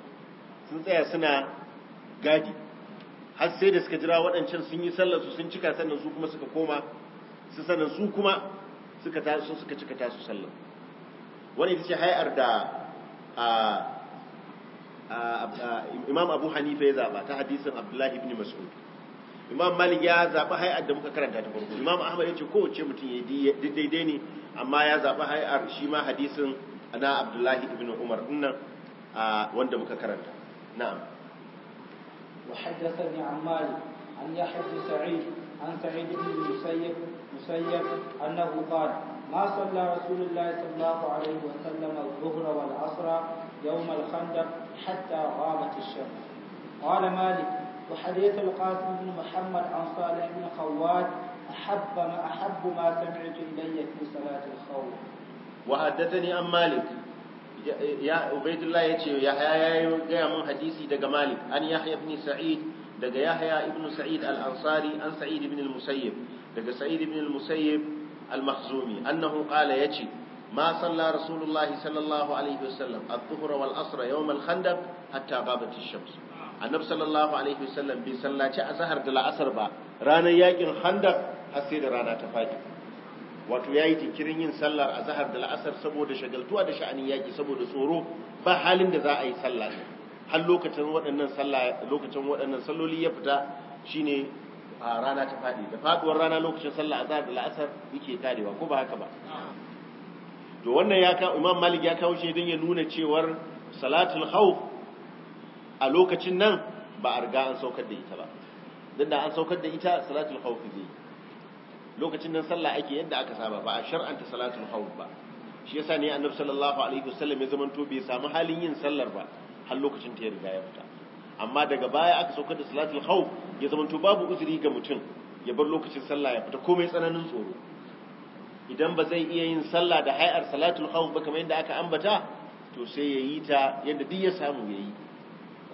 sun tsaya suna gadi har sai da suka jira waɗancan sun yi sallar su sun cika sannan su kuma suka koma su sannan su kuma suka tasu suka cika tasu sallar wani ita ce hay'ar da imam abu hanifa ya zaba ta hadisin abdullahi ibn mas'ud imam malik ya zaba hay'ar da muka karanta ta farko imam ahmad ya ce kowace mutum ya daidai ne amma ya zaba hay'ar shi ma hadisin na abdullahi ibn umar dinnan wanda muka karanta na'am وحدثني عن مالك عن يحيى بن سعيد عن سعيد بن المسيب مسيب انه قال ما صلى رسول الله صلى الله عليه وسلم الظهر والعصر يوم الخندق حتى غابت الشمس قال مالك وحديث القاسم بن محمد عن صالح بن خوات أحب ما أحب ما سمعت إلي في صلاة الخوف وحدثني عن مالك يا عبيد الله يتي يا حيا يا من حديثي دق مالك أن يحيى بن سعيد دق يحيى ابن سعيد الأنصاري عن سعيد بن المسيب دق سعيد بن المسيب al-makhzumi annahu qala yace ma salla rasulullahi sallallahu alaihi wasallam adh-dhuhra wal asra yawm al-khandaq hatta ghabat ash sallallahu alaihi wasallam bai sallaci azhar da la'asar ba ranar yakin khandaq har rana ta wato yayi tinkirin yin sallar a zahar da la'asar saboda shagaltuwa da sha'anin yaki saboda tsoro ba halin da za a yi sallah har lokacin waɗannan saloli lokacin waɗannan salloli ya fita shine a rana ta faɗi da faɗuwar rana lokacin sallah azhar da la'asar yake karewa ko ba haka ba to wannan ya ka imam malik ya kawo shi don ya nuna cewar salatul khawf a lokacin nan ba a riga an saukar da ita ba Duk da an saukar da ita salatul khawf zai lokacin nan sallah ake yadda aka saba ba a shar'anta salatul khawf ba shi yasa ne annabi sallallahu alaihi wasallam ya to bai samu halin yin sallar ba har lokacin ta ya riga ya fita amma daga baya aka saukar da salatul khawf ya zamanto babu uzuri ga mutum ya bar lokacin sallah ya fita komai tsananin tsoro idan ba zai iya yin sallah da hayar salatul khawf ba kamar yadda aka ambata to sai ya yi ta yadda duk ya samu ya yi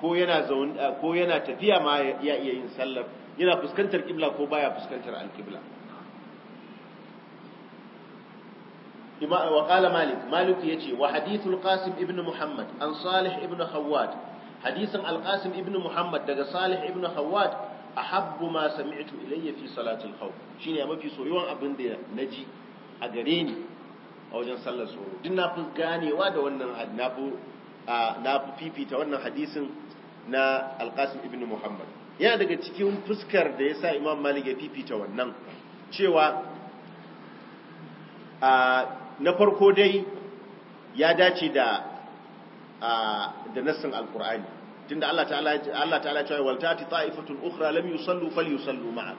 ko yana ko yana tafiya ma ya iya yin sallar yana fuskantar kibla ko baya fuskantar alkibla وقال yace wa hadithul qasim ibnu muhammad an salih ibnu khawwat hadithan al qasim ibnu muhammad daga salih ibnu khawwat ahabbu ma sami'tu ilayya fi salatil khawf shine mafi soyuwan abin da naji a gare ni a wajen sallar tsoro duk na fi ganewa da wannan na na fi fifita wannan hadisin na alqasim ibnu muhammad yana daga cikin fuskar da yasa imam malik ya fifita wannan cewa na farko dai ya dace da da nassin alqur'ani tunda Allah ta'ala Allah ta'ala cewa wal tati ta'ifatul ukhra lam yusallu falyusallu ma'ak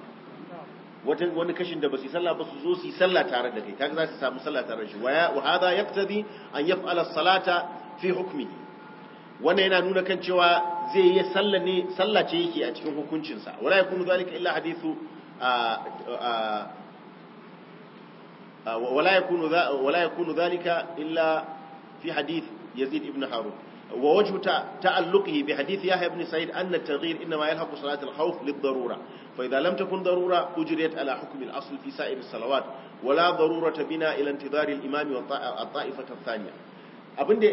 wata wani kashin da basu sallah ba su zo su yi sallah tare da kai kaga za su samu sallah tare da shi wa hadha yaqtadi an yaf'ala salata fi hukmihi wannan yana nuna kan cewa zai yi sallah ne sallah ce yake a cikin hukuncinsa wala yakunu zalika illa hadithu wala yakunu wala yakunu zalika illa fi hadith Yazid ibn Harun ووجه تألقه بحديث يحيى بن سعيد أن التغيير إنما يلحق صلاة الخوف للضرورة فإذا لم تكن ضرورة أجريت على حكم الأصل في سائر الصلوات ولا ضرورة بنا إلى انتظار الإمام والطائفة الثانية abinda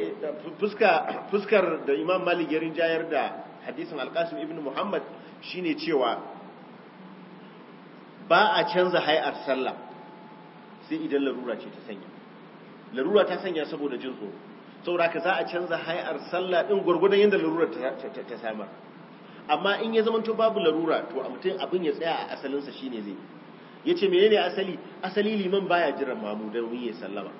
fuskar da imam malik ya rinjayar da hadisin alkasim ibn muhammad shine cewa ba a canza hay'ar sallah sai idan larura ce ta sanya larura ta sanya saboda jin tsoro saboda za a canza hayar sallah din gurgudan yadda larura ta samar amma in ya zamanto babu larura to a mutum abin ya tsaya a asalinsa shi ne zai ya ce yane asali asali liman baya jiran mamu don yi sallama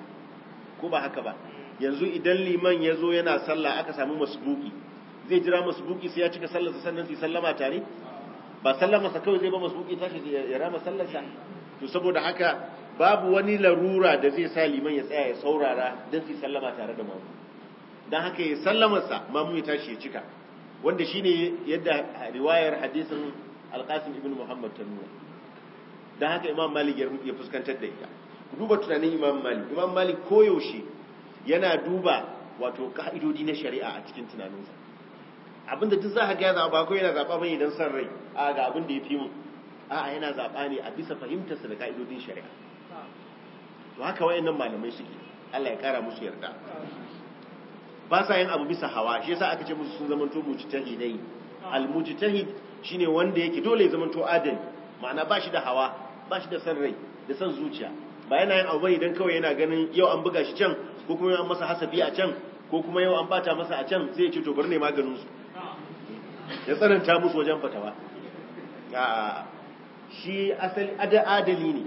ko ba haka ba yanzu idan liman ya zo yana sallah aka samu masubuki zai jira masubuki sai ya cika sallarsa sannan su sallama tare ba sallama masa kawai zai ba masbuki tashi ya rama sallarsa to saboda haka babu wani larura da zai sa liman ya tsaya ya saurara don su sallama tare da mamu dan haka ya sallamarsa mamu ya tashi ya cika wanda shine yadda riwayar hadisin alqasim ibn muhammad ta nuna don haka imam malik ya fuskantar da ita duba tunanin imam malik imam malik koyaushe yana duba wato ka'idodi na shari'a a cikin tunaninsa abinda duk za ka ga zaɓa ba ko yana zaɓa bane idan san rai a ga abin da ya fi mu a'a yana zaɓa ne a bisa fahimtarsa da ka'idodin shari'a to haka wayannan malamai suke Allah ya kara musu yarda ba sa yin abu bisa hawa shi yasa aka ce musu sun zamanto ne ah. al-mujtahid shine wanda yake dole ya zamanto adali ma'ana ba shi da hawa ba shi da san rai da san zuciya ba yana yin abu idan kawai yana ganin yau an buga shi can ko kuma yau an masa hasabi a can ko kuma yau an bata masa a can sai ya ce to bari ne maganin su ya tsananta musu wajen fatawa a shi asali adali ne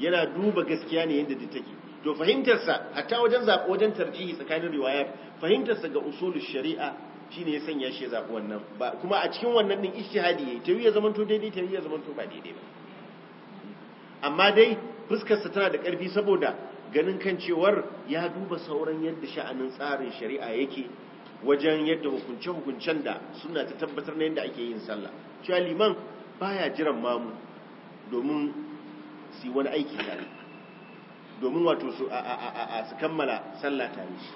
yana duba gaskiya ne yadda take to fahimtarsa hatta wajen zaɓi wajen tarjihi tsakanin riwayat fahimtarsa ga usulul shari'a shine ya sanya shi zaɓi wannan kuma a cikin wannan din ijtihadi yayi tawiya zaman to daidai tawiya zaman to ba daidai ba amma dai fuskarsa tana da ƙarfi saboda ganin kan cewar ya duba sauran yadda sha'anin tsarin shari'a yake wajen yadda hukunce-hukuncen da suna ta tabbatar na yadda ake yin sallah cewa liman baya jiran mamu domin su wani aiki tare domin wato su a su kammala sallah yi shi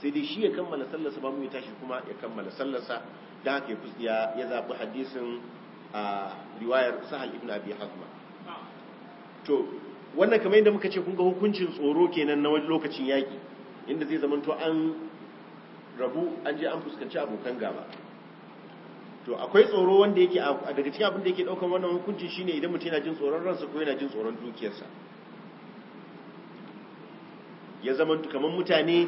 sai dai shi ya kammala sallarsa ba mu ya tashi kuma ya kammala sallarsa da haka ya ya zaɓi hadisin a riwayar Sahal ibn Abi Hazma to wannan kamar yadda muka ce kun ga hukuncin tsoro kenan na wani lokacin yaƙi inda zai zama to an rabu an je an fuskanci abokan gaba to akwai tsoro wanda yake daga cikin abin da yake daukan wannan hukuncin shine idan mutum yana jin tsoron ransa ko yana jin tsoron dukiyarsa ya zamanto kamar mutane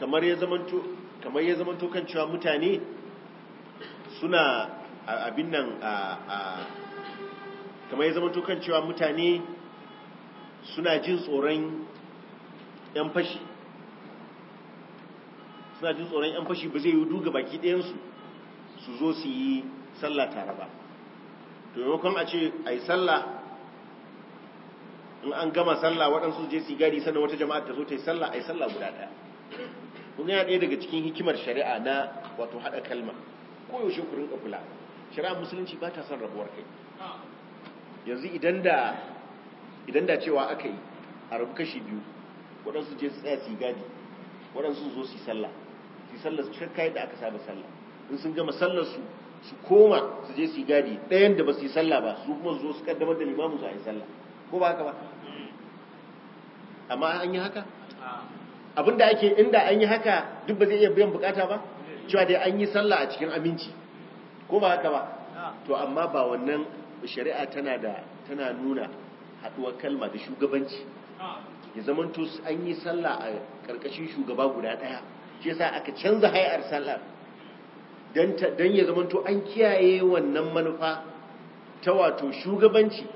kamar ya zamanto kamar ya zamanto kan cewa mutane suna abin nan kamar ya zamanto kan cewa mutane suna jin tsoron yan fashi suna jin tsoron yan fashi ba zai yi duga baki ɗayansu su zo su yi sallah tare ba to yankon a ce a yi sallah in an gama sallah waɗansu je su gari sannan wata jama'a ta zo ta yi sallah a yi sallah guda ɗaya kun yana ɗaya daga cikin hikimar shari'a na wato haɗa kalma ko yaushe ku rinka kula shari'a musulunci ba ta son rabuwar kai yanzu idan da idan da cewa aka yi a rabu kashi biyu waɗansu je su tsaya su gadi waɗansu zo su yi sallah su yi sallah su kayan da aka saba sallah in sun gama sallar su su koma su je su gadi ɗayan da ba su yi sallah ba su kuma zo su kaddamar da limamin su a yi sallah ko ba haka ba amma an yi haka ah. abinda ake inda an yi haka duk ba zai iya biyan bukata ba cewa dai an yi sallah a cikin aminci ko ba haka ba ah. to amma ba wannan shari'a tana da tana nuna haduwar kalma da shugabanci ah. ya to an yi sallah a karkashin shugaba guda daya shi yasa aka canza hay'ar sallah dan ya zamanto an kiyaye wannan manufa ta wato shugabanci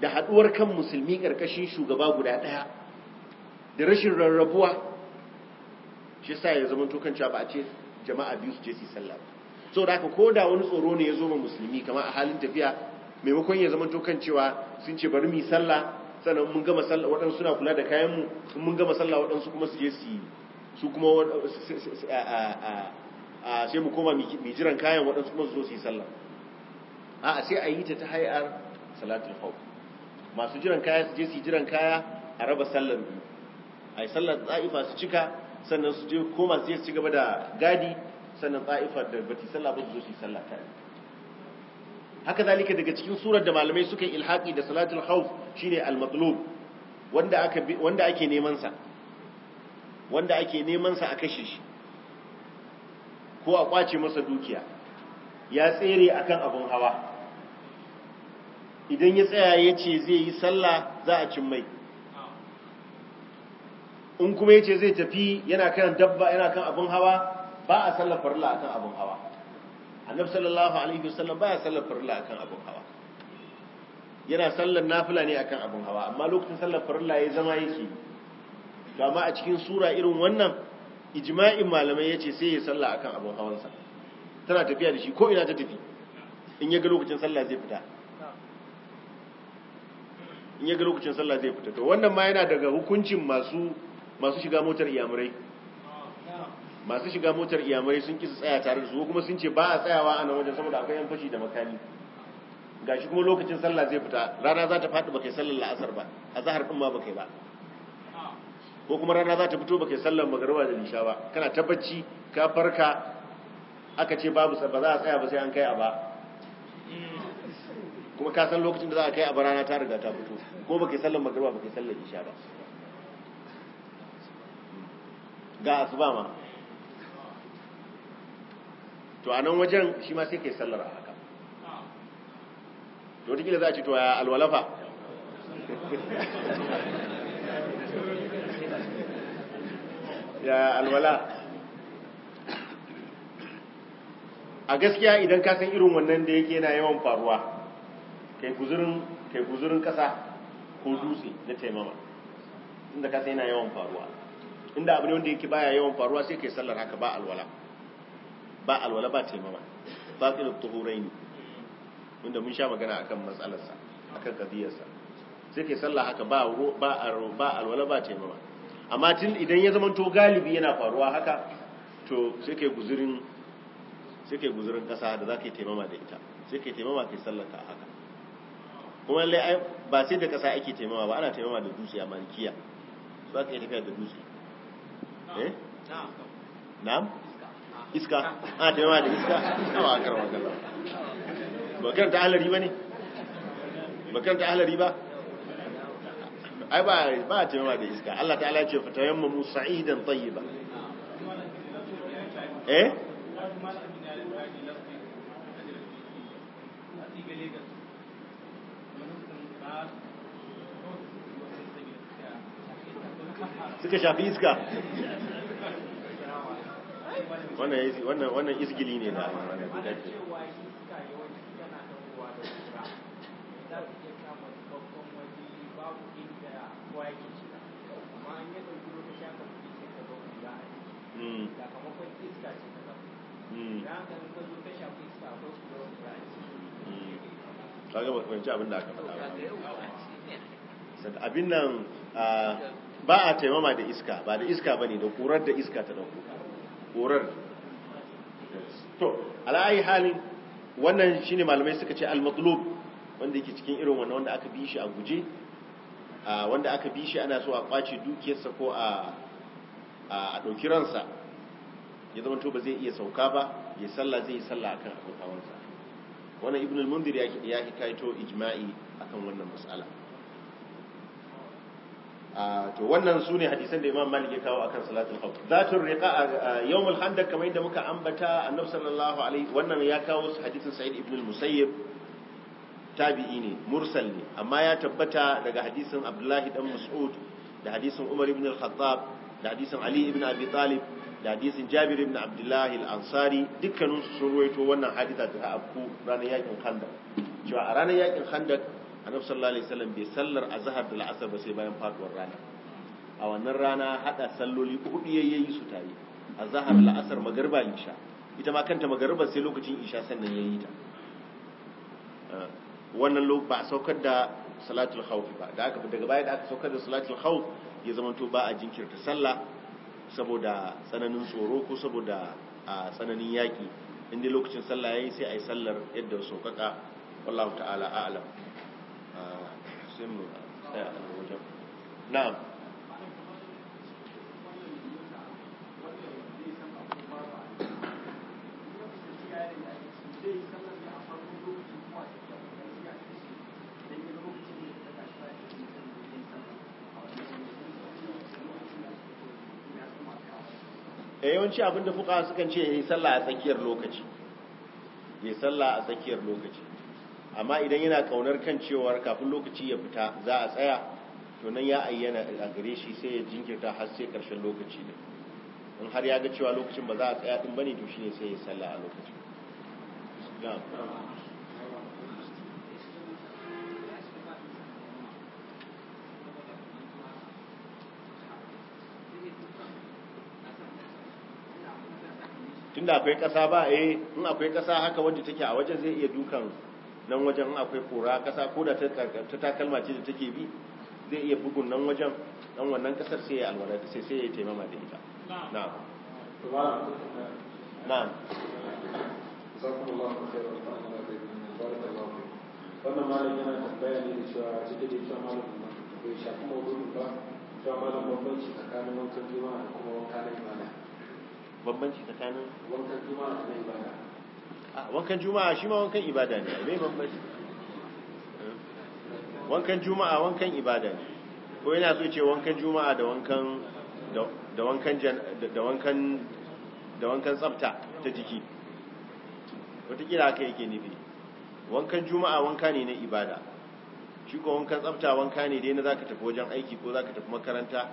da haduwar kan musulmi karkashin shugaba guda daya da rashin rarrabuwa shi sa ya zama to kanci ba a ce jama'a biyu su je su sallah so da haka koda wani tsoro ne ya zo ma musulmi kamar a halin tafiya maimakon ya zama to kan cewa sun ce bari mu sallah sannan mun gama sallah waɗansu suna kula da kayan mu mun gama sallah waɗansu kuma su je su su kuma a sai mu koma mai jiran kayan waɗansu kuma su zo su yi sallah a sai a yi ta ta hayar salatul khawf masu jiran kaya su je su jiran kaya a raba sallar biyu a yi sallar tsa'ifa su cika sannan su je koma su je su ci gaba da gadi sannan tsa'ifa da bati sallah ba su zo su yi sallah tare haka zalika daga cikin surar da malamai suka ilhaƙi da salatul khawf shine al-matlub wanda aka wanda ake neman sa wanda ake neman sa a kashe shi ko a kwace masa dukiya ya tsere akan abun hawa idan ya tsaya ya ce zai yi sallah za a cin mai in kuma ya ce zai tafi yana kan dabba yana kan abin hawa ba a sallar a kan abin hawa annabi sallallahu alaihi wasallam ba ya sallar a kan abin hawa yana sallar nafila ne a kan abin hawa amma lokacin sallar farla ya zama yake to amma a cikin sura irin wannan ijma'in malamai ya ce sai ya sallah kan abin hawansa tana tafiya da shi ko ina ta tafi in ya ga lokacin sallah zai fita in yaga lokacin sallah zai fita to wannan ma yana daga hukuncin masu masu shiga motar iyamurai masu shiga motar iyamurai sun kisa tsaya tare da su kuma sun ce ba a tsayawa a nan wajen saboda akwai yan fashi da makami gashi kuma lokacin sallah zai fita rana za ta faɗi baka yi sallar la'asar ba a zahar ɗin ma baka yi ba ko kuma rana za ta fito baka yi sallar magarba da lisha ba kana ta ka farka aka ce babu ba za a tsaya ba sai an kai a ba kuma ka san lokacin da za a kai a barana ta riga ta fito ko ba kai sallan magariba ba kai sallan isha ba ga asuba ma to a nan wajen shi ma sai kai sallar a haka to wata za a ci to ya alwalafa ya alwala a gaskiya idan ka san irin wannan da yake yana yawan faruwa kai guzurin kai guzurin kasa ko dutse na taimama inda kasa yana yawan faruwa inda abu ne wanda yake baya yawan faruwa sai kai sallar haka ba alwala ba alwala ba taimama baqil tuhurain wanda mun sha magana akan matsalarsa akan kadiyarsa sai kai sallar haka ba ba ba alwala ba taimama amma tun idan ya zama to galibi yana faruwa haka to sai kai guzurin sai kai guzurin kasa da zaka yi taimama da ita sai kai taimama kai sallar ka haka kuma lai ai ba sai da kasa ake taimama ba ana taimama da dutse a malikiya su ka yi tafiya da dutse eh na'am iska ana taimama da iska a akar wakala ba ta ahalari ba ne ba ta ahalari ba ai ba a taimama da iska Allah ta'ala ala ce fa tayammamu sa'idan tayyiba eh suka shafi iska wannan isgili ne da na kaga ba fahimci abin da aka faɗa ba abin nan ba a taimama da iska ba da iska ba ne da kurar da iska ta dauko kurar to ala'ayi halin wannan shine malamai suka ce al-matlub wanda yake cikin irin wannan wanda aka bi shi a guje wanda aka bi shi ana so a kwace dukiyarsa ko a a ɗauki ransa ya zama to ba zai iya sauka ba ya sallah zai yi sallah akan abokawansa wannan ibn al-mundir ya kaito ijma'i akan wannan mas'ala to wannan su ne hadisan da imam malik ya kawo akan salatul khawf zatul riqa al khandaq kamar yadda muka ambata annabi sallallahu alaihi wannan ya kawo hadisin sa'id ibn al-musayyib tabi'i ne mursal ne amma ya tabbata daga hadisin abdullahi dan mas'ud da hadisin umar ibn al-khattab da hadisin ali ibn abi talib da hadisin Jabir ibn Abdullah al-Ansari dukkanin su sun ruwaito wannan hadisa ta afku ranar yakin khandak cewa a ranar yakin khandak Annabi sallallahu alaihi wasallam bai sallar azhar da la'asar ba sai bayan faduwar rana a wannan rana hada salloli hudu yayi su tare azhar la'asar magarba isha ita ma kanta magarba sai lokacin isha sannan yayi ta eh, wannan lokacin ba saukar da salatul khawf ba da aka daga baya da aka saukar da salatul khawf ya zamanto ba a jinkirta sallah saboda tsananin tsoro ko saboda a tsananin yaƙi inda lokacin sallah ya yi sai a yi sallar yadda sauƙaƙa wallahu ta'ala a'alam sai mu tsaya a wajen na'am yawanci abinda fuka sukan ce yayi sallah a tsakiyar lokaci yayi sallah a tsakiyar lokaci amma idan yana kaunar kan cewa kafin lokaci ya fita za a tsaya to nan ya ayyana a gare shi sai ya jinkirta har sai karshen lokaci ne in har ya ga cewa lokacin ba za a tsaya din bane to shine sai ya sallah a lokacin tunda akwai kasa ba eh in akwai kasa haka wanda take a wajen zai iya dukan nan wajen in akwai kura kasa ko da ta takalma ce da take bi zai iya bugun nan wajen dan wannan kasar sai ya alwala sai sai ya taimama da ita na'am na'am wannan malamin yana tambaya ne cewa cikin da cewa malamin bai shafi mawdu'in ba cewa malamin bambanci tsakanin wankan juma'a da kuma wankan ibada bambanci tsakanin wankan juma'a da ibada a wankan juma'a shi ma wankan ibada ne me bambanci wankan juma'a wankan ibada ne ko yana so ce wankan juma'a da wankan da wankan da wankan da wankan tsafta ta jiki wataƙila haka yake nufi wankan juma'a wanka ne na ibada shi ko wankan tsafta wanka ne dai na zaka tafi wajen aiki ko zaka tafi makaranta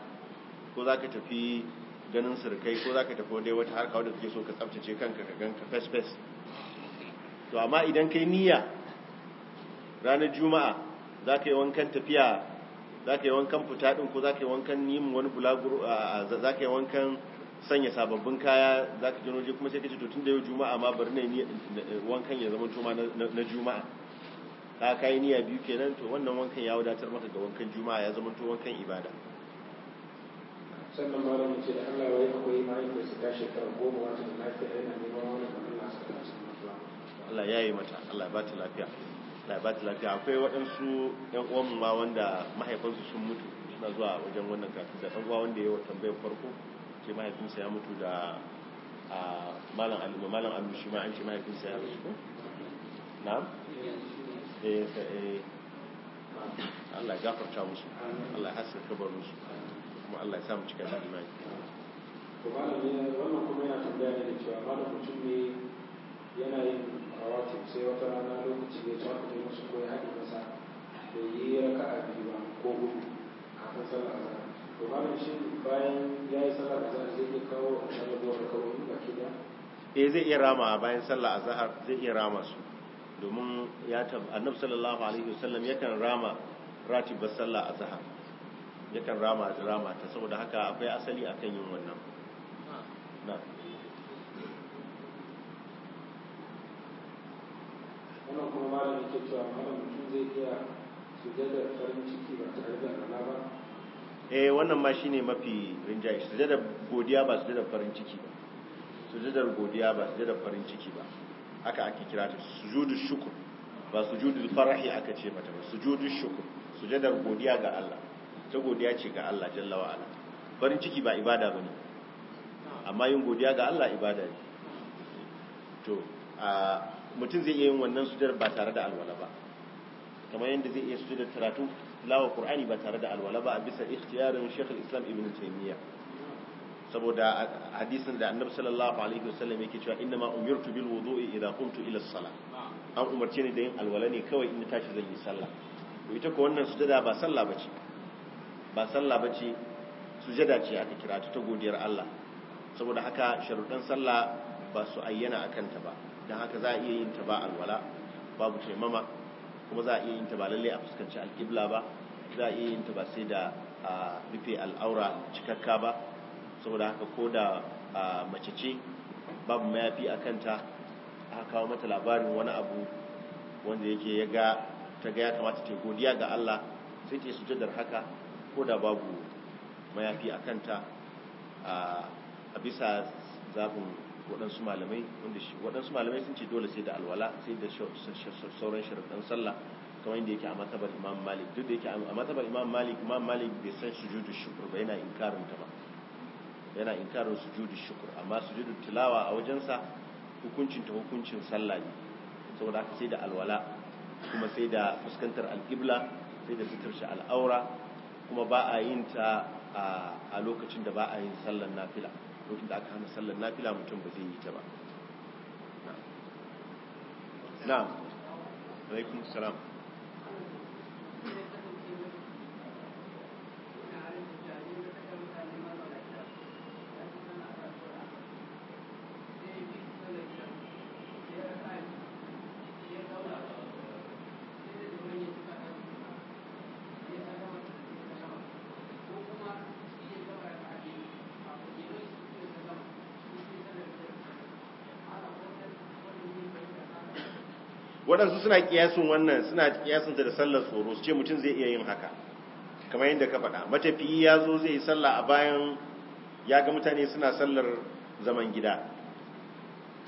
ko zaka tafi ganin surkai ko za ka tafi dai wata harka wadda kake so ka tsabtace kanka ka gan ka fes fes to amma idan ka yi niyya ranar juma'a za ka yi wankan tafiya za ka yi wankan fita ɗin ko za ka yi wankan nimin wani bulaguro za ka yi wankan sanya sababbin kaya za ka jino je kuma sai ka ce to tun da yau juma'a ma bari ne wankan ya zama tuma na juma'a ka kayi niyya biyu kenan to wannan wankan ya wadatar maka ga wankan juma'a ya zama to wankan ibada sannan malam ce da Allah wai akwai ma'aikata ta shekara goma wata da lafiya yana neman wani Allah su ta cikin mutuwa Allah ya yi mata Allah ba ta lafiya Allah ba ta lafiya akwai waɗansu ƴan uwan ma wanda mahaifansu sun mutu suna zuwa wajen wannan kafin da ɗan uwa wanda ya tambayar farko ce mahaifinsa ya mutu da a malam alimu malam alu shi ma an ce mahaifinsa ya rasu ko na'am eh eh, eh. Allah gafarta musu Allah ya hasar kabarin su kuma Allah ya samu imani wannan kuma yana tambaya ne cewa malam mutum ne yana yin sai wata rana lokaci ko ya haɗe masa da yi biyu ba ko kafin azhar to malam shi bayan ya yi azhar zai iya kawo a shanar zuwa da kawo baki da eh zai iya rama bayan sallah azhar zai iya rama su domin ya tab annabi sallallahu alaihi wasallam yakan rama ratibar sallah azhar yakan rama da rama ta saboda haka akwai asali akan yin wannan na wannan kuma malamin yake cewa malam mutum zai iya sujadar farin ciki ba tare da rana ba eh wannan ma shine mafi rinjaye sujadar godiya ba sujadar farin ciki ba sujadar godiya ba sujadar farin ciki ba haka ake kira ta sujudu shukr ba sujudu farahi aka ce mata ba sujudu shukr sujadar godiya ga Allah ta godiya ce ga Allah jalla wa ala farin ciki ba ibada bane amma yin godiya ga Allah ibada ne to a mutum zai iya yin wannan sujjar ba tare da alwala ba kamar yadda zai iya sujjar karatu lawa qur'ani ba tare da alwala ba a bisa ikhtiyarin Sheikh islam Ibn Taymiyyah saboda hadisin da Annabi sallallahu alaihi wasallam yake cewa inna ma umirtu bil wudu'i idha qumtu ila as-salah an umarce ni da yin alwala ne kawai in tashi zan yi sallah to ita ko wannan sujada ba sallah bace ba sallah ba ce sujada ce aka kira ta godiyar Allah saboda haka sharuɗan sallah ba su ayyana a kanta ba don haka za a iya yin ta ba alwala babu taimama kuma za a iya yin ta ba lalle a fuskanci alƙibla ba za a iya yin ta ba sai da rufe al'aura cikakka ba saboda haka ko da mace ce babu mayafi a kanta aka kawo mata labarin wani abu wanda yake ya ga ta ga ya kamata ta godiya ga Allah sai ta yi sujadar haka ko da babu mayafi a kanta a bisa zafin waɗansu malamai wanda shi waɗansu malamai sun ce dole sai da alwala sai da sauran shirin sallah kamar yadda yake a matabar imam malik duk da yake a matabar imam malik imam malik bai san sujudu shukur ba yana inkarin ta ba yana inkarin sujudu shukur amma sujudu tilawa a wajensa hukuncin ta hukuncin sallah ne saboda haka sai da alwala kuma sai da fuskantar alƙibla sai da fitar shi al'aura kuma ba a yin ta a lokacin da ba a yin sallar nafila lokacin da aka hana sallar nafila mutum ba zai yi ta ba na'am alaikum salam waɗansu suna kiyasin wannan suna kiyasin da sallar tsoro su ce mutum zai iya yin haka kamar yadda ka faɗa matafiyi ya zo zai yi sallah a bayan ya ga mutane suna sallar zaman gida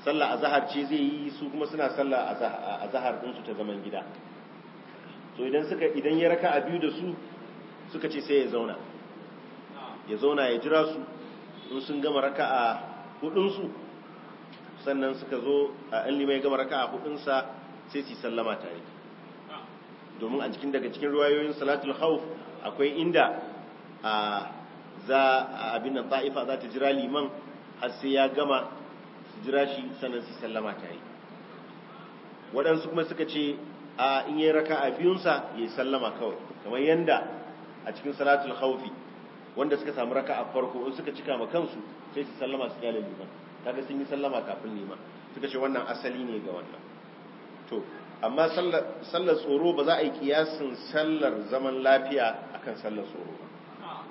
sallah a zahar ce zai yi su kuma suna sallah a zahar ɗinsu ta zaman gida so idan suka idan ya raka a biyu da su suka ce sai ya zauna ya zauna ya jira su in sun gama raka a hudunsu sannan suka zo a an limai gama raka a hudunsa sai su sallama tare ah. domin a cikin daga cikin ruwayoyin salatul khawf akwai inda a za abin nan ta'ifa za ta jira liman har sai ya gama su jira shi sannan su sallama tare waɗansu kuma suka ce a in yi raka a biyunsa ya yi sallama kawai kamar yanda a cikin salatul khawfi wanda suka samu raka a farko in suka cika ma kansu sai su sallama su kyale liman kaga sun yi sallama kafin liman suka ce wannan asali ne ga wannan to amma sallar tsoro ba za a yi kiyasin sallar zaman lafiya akan sallar tsoro ba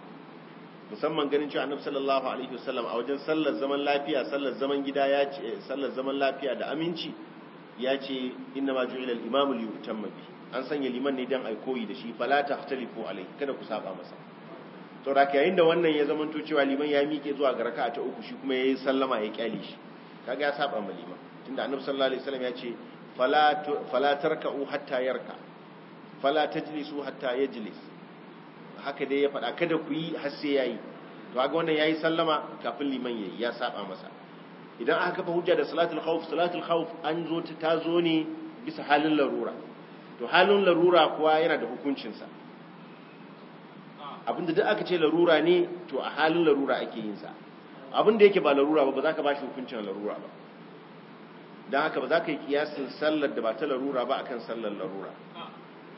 musamman ganin cewa annabi sallallahu alaihi wasallam a wajen sallar zaman lafiya sallar zaman gida ya ce sallar zaman lafiya da aminci ya ce inna ma ju'ila al-imamu li yutamma bi an sanya liman ne dan ai koyi da shi fala tahtalifu alai kada ku saba masa to da yayin da wannan ya to cewa liman ya mike zuwa ga raka'a ta uku shi kuma yayi sallama ya kyale shi kaga ya saba ma liman tunda annabi sallallahu alaihi wasallam ya ce fala tarka'u hatta yarka fala tajlisu hatta yajlis haka dai ya faɗa kada ku yi har sai yayi to kaga wannan yayi sallama kafin liman yayi ya saba masa idan aka kafa hujja da salatul khawf salatul khawf an zo ta zo ne bisa halin larura to halin larura kuwa yana da hukuncinsa abinda duk aka ce larura ne to a halin larura ake yin sa abinda yake ba larura ba ba za ka ba shi hukuncin larura ba don haka ba za ka yi kiyasin sallar da ba ta larura ba akan sallar larura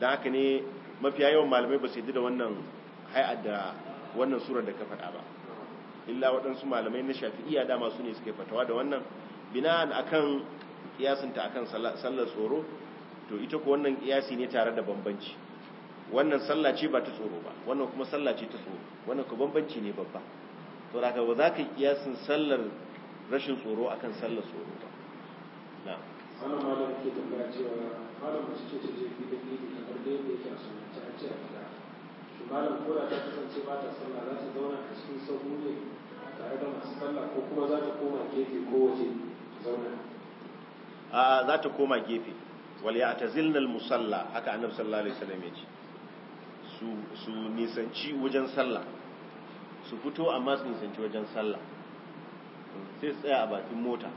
don haka ne mafiya yawan malamai ba su yi da wannan hai'a da wannan surar da ka faɗa ba illa waɗansu malamai na iya dama su ne suke fatawa da wannan bina'an akan ta akan sallar tsoro to ita ko wannan kiyasi ne tare da bambanci wannan sallah ce ba ta tsoro ba wannan kuma sallah ce ta tsoro wannan ko bambanci ne babba to da ka ba za ka yi kiyasin sallar rashin tsoro akan sallar tsoro ba wannan malam ke tambaya cewa malam mace ce ta je filin da kamar da yake a sunanta a ce a fita shi malam ko da ta kasance ba ta sallah za ta zauna a cikin sahu ne tare da masu sallah ko kuma za ta koma gefe ko waje zauna a za ta koma gefe wal ya'tazilna al-musalla haka annabi sallallahu alaihi wasallam ya ce su su nisanci wajen sallah su fito amma su nisanci wajen sallah sai tsaya a bakin mota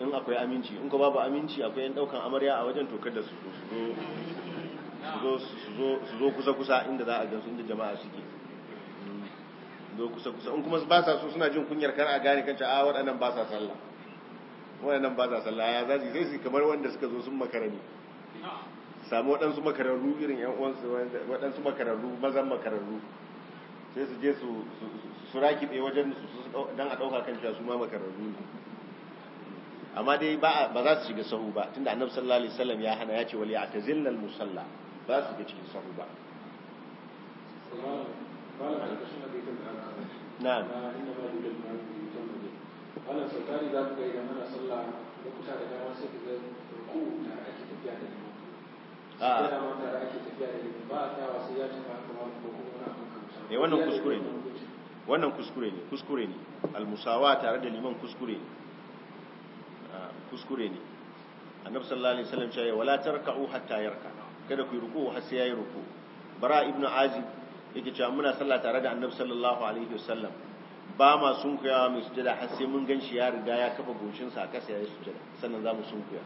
in akwai aminci in ko babu aminci akwai yan daukan amarya a wajen tokar da su su zo kusa kusa inda za a gansu inda jama'a suke zo kusa kusa in kuma ba sa so suna jin kunyar kar a gane kanta a ah, waɗannan ba sa sallah waɗannan ba sa sallah ya zaji sai su kamar wanda suka zo sun makarani samu waɗansu makararru irin yan uwansu waɗansu makararru mazan makararru sai su je su su raki wajen su dan a ɗauka kan cewa su ma makararru ne amma dai ba ba za su shiga sahu ba tunda annabi sallallahu alaihi wasallam ya hana ya ce wal ya'tazilna al musalla ba su shiga cikin sahu ba na'am wannan sau tari za ku ga idan sallah lokuta eh, da dama sai ku ga ruku da ake tafiya da liman sujjada ma tare ake tafiya da liman ba a tsayawa sai ya tafi haka ba ko kuma wani abin kamar wannan kuskure ne wannan kuskure ne kuskure ne almusawa tare da liman kuskure ne kuskure ne annabi sallallahu alaihi wasallam ya wala tarka'u hatta yarka kada ku yi ruku har sai yayi ruku bara ibnu azib yake cewa muna sallah tare da annabi sallallahu alaihi wasallam ba ma sunkuyawa mai sujada har sai mun ganshi ya riga ya kafa goshin sa kasa yayi sujada sannan zamu sunkuya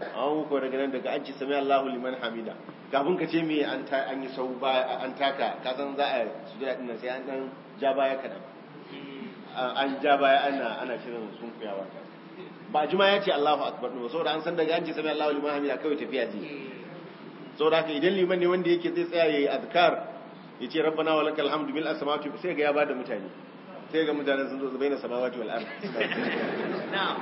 an ko daga nan daga an ci sami Allahu liman hamida kafin ka ce me an ta an yi sau ba an taka ka san za a sujada din sai an dan ja baya kada an ja baya ana ana shirin sunkuyawa ta ba juma ya ce Allahu akbar ba saboda an san daga an ce sami Allahu liman hamida kawai tafiya ce hmm. saboda haka idan liman ne wanda yake zai tsaya yayi azkar ce rabbana wa lakal hamdu bil asmawati sai ga ya bada mutane sai ga mutane sun zo zubaina samawati wal ard na'am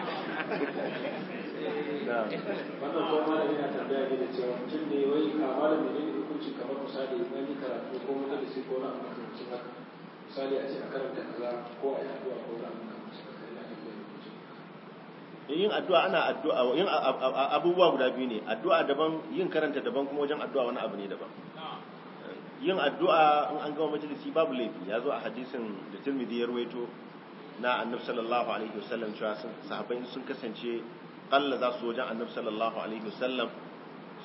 wannan kuma yana tambaya ne cewa mutum ne wai kama da menene hukunci kamar misali idan ni karatu ko mutum sai ko na mutum misali a ce a karanta kaza ko a yi addu'a ko na yin addu'a ana addu'a yin abubuwa guda biyu ne addu'a daban yin karanta daban kuma wajen addu'a wani abu ne daban yin addu'a in an gama majalisi babu laifi ya zo a hadisin da tirmidhi ya rawaito na annabi sallallahu alaihi wasallam cewa sahabbai sun kasance kalla za su wajen annabi sallallahu alaihi wasallam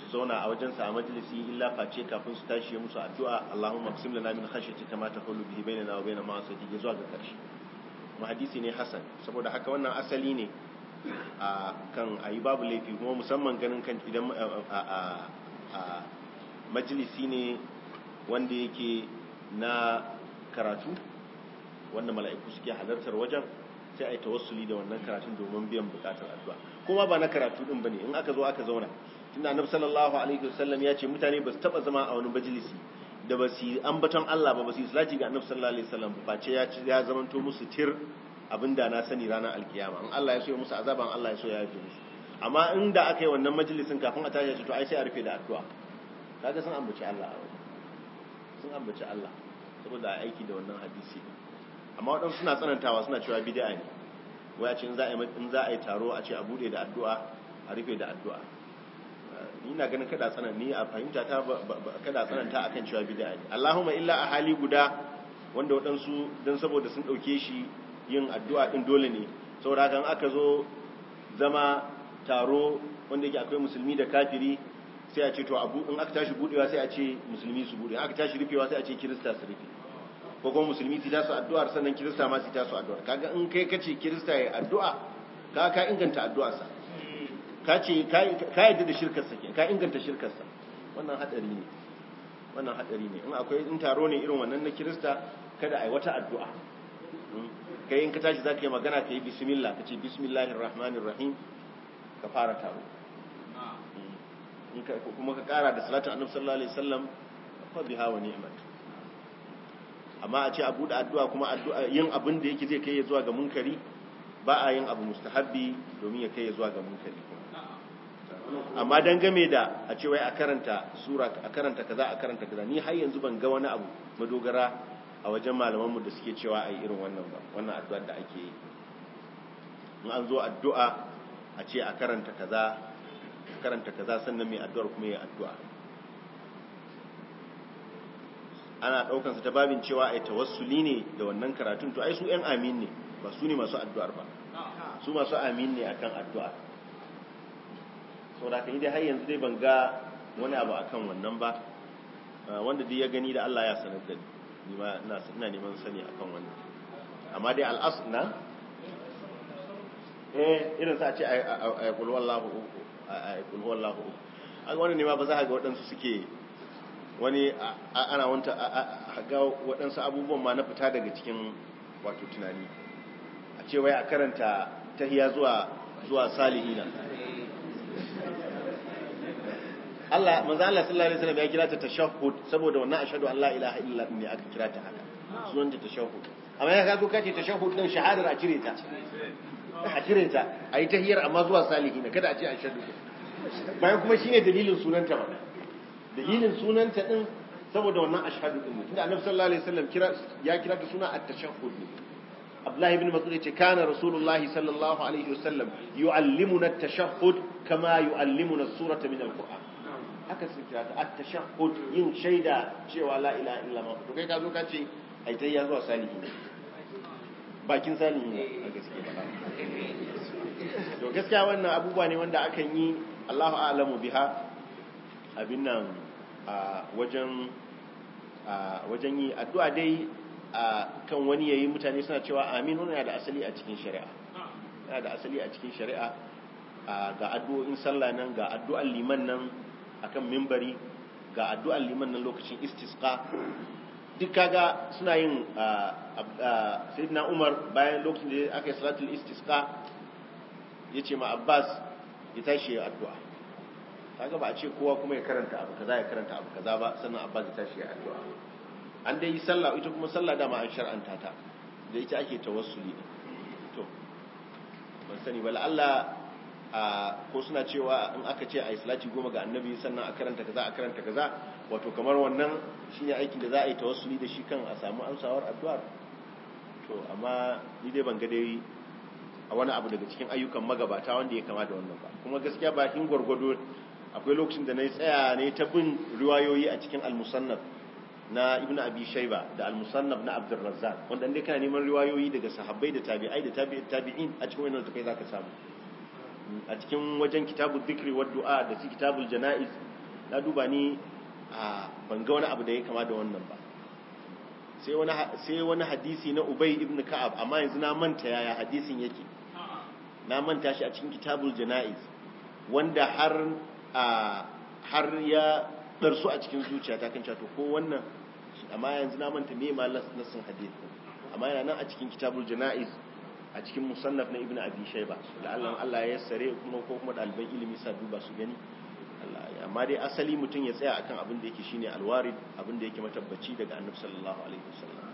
su zauna a wajen sa a majalisi illa face kafin su tashi musu addu'a Allahumma qsim lana min khashyati kama tahulu bihi bainana wa bain ma'asiyatika zuwa ga karshe mu hadisi ne hasan saboda haka wannan asali ne a kan a yi babu laifi kuma musamman ganin kan idan a majalisi ne wanda yake na karatu wanda mala'iku suke halartar wajen sai a yi tawassuli da wannan karatun domin biyan bukatar addu'a kuma ba na karatu din bane in aka zo aka zauna tunda annabi sallallahu alaihi wasallam ya ce mutane ba su taba zama a wani majalisi da ba su ambaton Allah ba ba su salati ga annabi sallallahu alaihi wasallam ce ya ya zamanto musu tir abinda da na sani ranar alkiyama in Allah ya so ya musu azaban Allah ya so ya yi musu amma inda aka yi wannan majalisin kafin a tashi shi to ai sai a rufe da addu'a kaga sun ambaci Allah a wajen sun ambaci Allah saboda a aiki da wannan hadisi amma waɗansu suna tsanantawa suna cewa bid'a ne wai a ce in za a in za a yi taro a ce a bude da addu'a a rufe da addu'a ni na ganin kada tsanan ni a fahimta ta kada tsananta akan cewa bid'a ne Allahumma illa a hali guda wanda waɗansu don saboda sun ɗauke shi yin addu'a din dole ne da kan aka zo zama taro wanda yake akwai musulmi da kafiri sai a ce to abu in aka tashi budewa sai a ce musulmi su bude aka tashi rufewa sai a ce kirista su rufe ko kuma musulmi su tasu addu'ar sannan kirista ma su tasu addu'ar kaga in kai kace kirista ya addu'a ka ka inganta addu'arsa ka ce ka yadda da shirkarsa ke ka inganta shirkarsa wannan hadari ne wannan hadari ne in akwai in taro ne irin wannan na kirista kada a yi wata addu'a kai in ka tashi za ka yi magana ka yi bismillah ka ce bismillahir rahmanir rahim ka fara taro kuma ka kara da salatu annabi sallallahu alaihi wasallam fa biha wa ni'mat amma a ce a bude addu'a kuma addu'a yin abin da yake zai kai zuwa ga munkari ba a yin abu mustahabbi domin ya kai zuwa ga munkari amma dan game da a ce wai a karanta sura a karanta kaza a karanta kaza ni har yanzu ban ga wani abu madogara a wajen malamanmu da suke cewa a yi irin wannan ba wannan addu'ar da ake yi in an zo addu'a a ce a karanta kaza karanta kaza sannan mai addu'ar kuma ya addu'a ana ɗaukansa ta babin cewa a yi tawassuli ne da wannan karatun to ai su ‘yan amin ne ba su ne masu addu'ar ba su masu amin ne akan addu'a sau da kan yi dai har yanzu dai ban ga wani abu akan wannan ba wanda dai ya gani da Allah ya sanar da ni ina neman sani akan wannan amma dai al'as na eh irin sa ce ay kul wallahu ay kul wallahu an wannan ne ma ba za a ga waɗansu suke wani ana wanta a ga waɗansu abubuwan ma na fita daga cikin wato tunani a ce wai a karanta tahiya zuwa zuwa salihina Allah manzo Allah sallallahu alaihi wasallam ya kira ta tashahhud saboda wannan ashhadu an la ilaha illa ne aka kira ta haka sunan ta tashahhud amma ya ka zo kace tashahhud din shahadar a cire ta a cire ta ayi tahiyar amma zuwa salihin kada a ce ashhadu bayan kuma shine dalilin sunanta ba dalilin sunanta din saboda wannan ashhadu din tunda annabi sallallahu alaihi wasallam kira ya kira da suna at-tashahhud Abdullahi ibn Mas'ud yace kana Rasulullahi sallallahu alaihi wasallam yu'allimuna at-tashahhud kama yu'allimuna as-surata min al-Qur'an haka su cewa ta at-tashahhud yin shaida cewa la ilaha illallah to kai ka zo ka ce ai tai ya zuwa salihi bakin salihi ne a gaske ba to gaskiya wannan abubuwa ne wanda akan yi Allahu a'lamu biha abin nan a wajen a wajen yi addu'a dai kan wani yayi mutane suna cewa amin wannan yana da asali a cikin shari'a yana da asali a cikin shari'a ga addu'o'in sallah nan ga addu'an liman nan akan mimbari ga addu'ar liman nan lokacin istisqa duk kaga suna yin sayyidina Umar bayan lokacin da aka yi salatul istisqa yace ma Abbas ya tashi ya addu'a kaga ba a ce kowa kuma ya karanta abu kaza ya karanta abu kaza ba sannan Abbas ya tashi ya addu'a an dai yi sallah ita kuma sallah dama an shar'anta ta da ita ake tawassuli to ban sani ba Allah ko suna cewa in aka ce a yi salati goma ga annabi sannan a karanta kaza a karanta kaza wato kamar wannan shine aikin da za a yi tawassuli da shi kan a samu amsawar addu'ar to amma ni dai ban ga dai a wani abu daga cikin ayyukan magabata wanda ya kama da wannan ba kuma gaskiya bakin gwargwado akwai lokacin da na tsaya ne ta bin riwayoyi a cikin al-musannaf na ibnu abi shayba da al-musannaf na razzaq wanda indai kana neman riwayoyi daga sahabbai da tabi'ai da tabi'in a cikin wannan da kai zaka samu a cikin wajen kitabul zikri wa du'a da su kitabul jana'iz na duba ni ban ga wani abu da ya kama da wannan ba sai wani sai wani hadisi na Ubay ibn Ka'ab amma yanzu na manta yaya hadisin yake na manta shi a cikin kitabul jana'iz wanda har har ya darsu a cikin zuciya ta kanta to ko wannan amma yanzu na manta me ma nasin hadisin amma yana nan a cikin kitabul jana'iz a cikin musannaf na ibnu abi shayba la'allan Allah ya sare kuma ko kuma dalibai ilimi sa duba su gani amma dai asali mutum ya tsaya akan abin da yake shine alwarid abin da yake matabbaci daga annabi sallallahu alaihi wasallam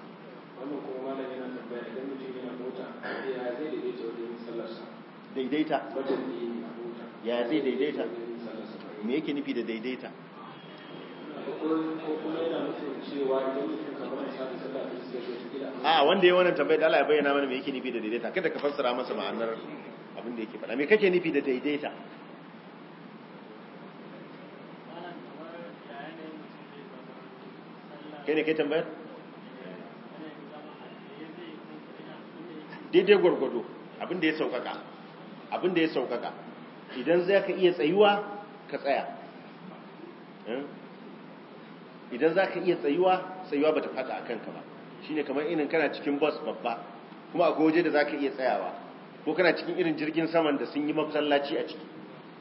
wannan kuma malami yana tambaya idan mutum yana mota ya zai daidaita wajen sallarsa daidaita wajen ya zai daidaita me yake nufi da daidaita a wanda ya wannan tambayar Allah ya bayyana mana me yake nufi da daidaita kada ka fassara masa ma'anar abin da yake faɗa me kake nufi da daidaita kai ne kai tambayar daidai gwargwado abin da ya saukaka abin da ya saukaka idan zai ka iya tsayuwa ka tsaya hmm? idan za ka iya tsayuwa tsayuwa ba ta fada a kanka ba shi ne kamar inin kana cikin bus babba kuma a goje da za ka iya tsayawa ko kana cikin irin jirgin saman da sun yi masallaci a ciki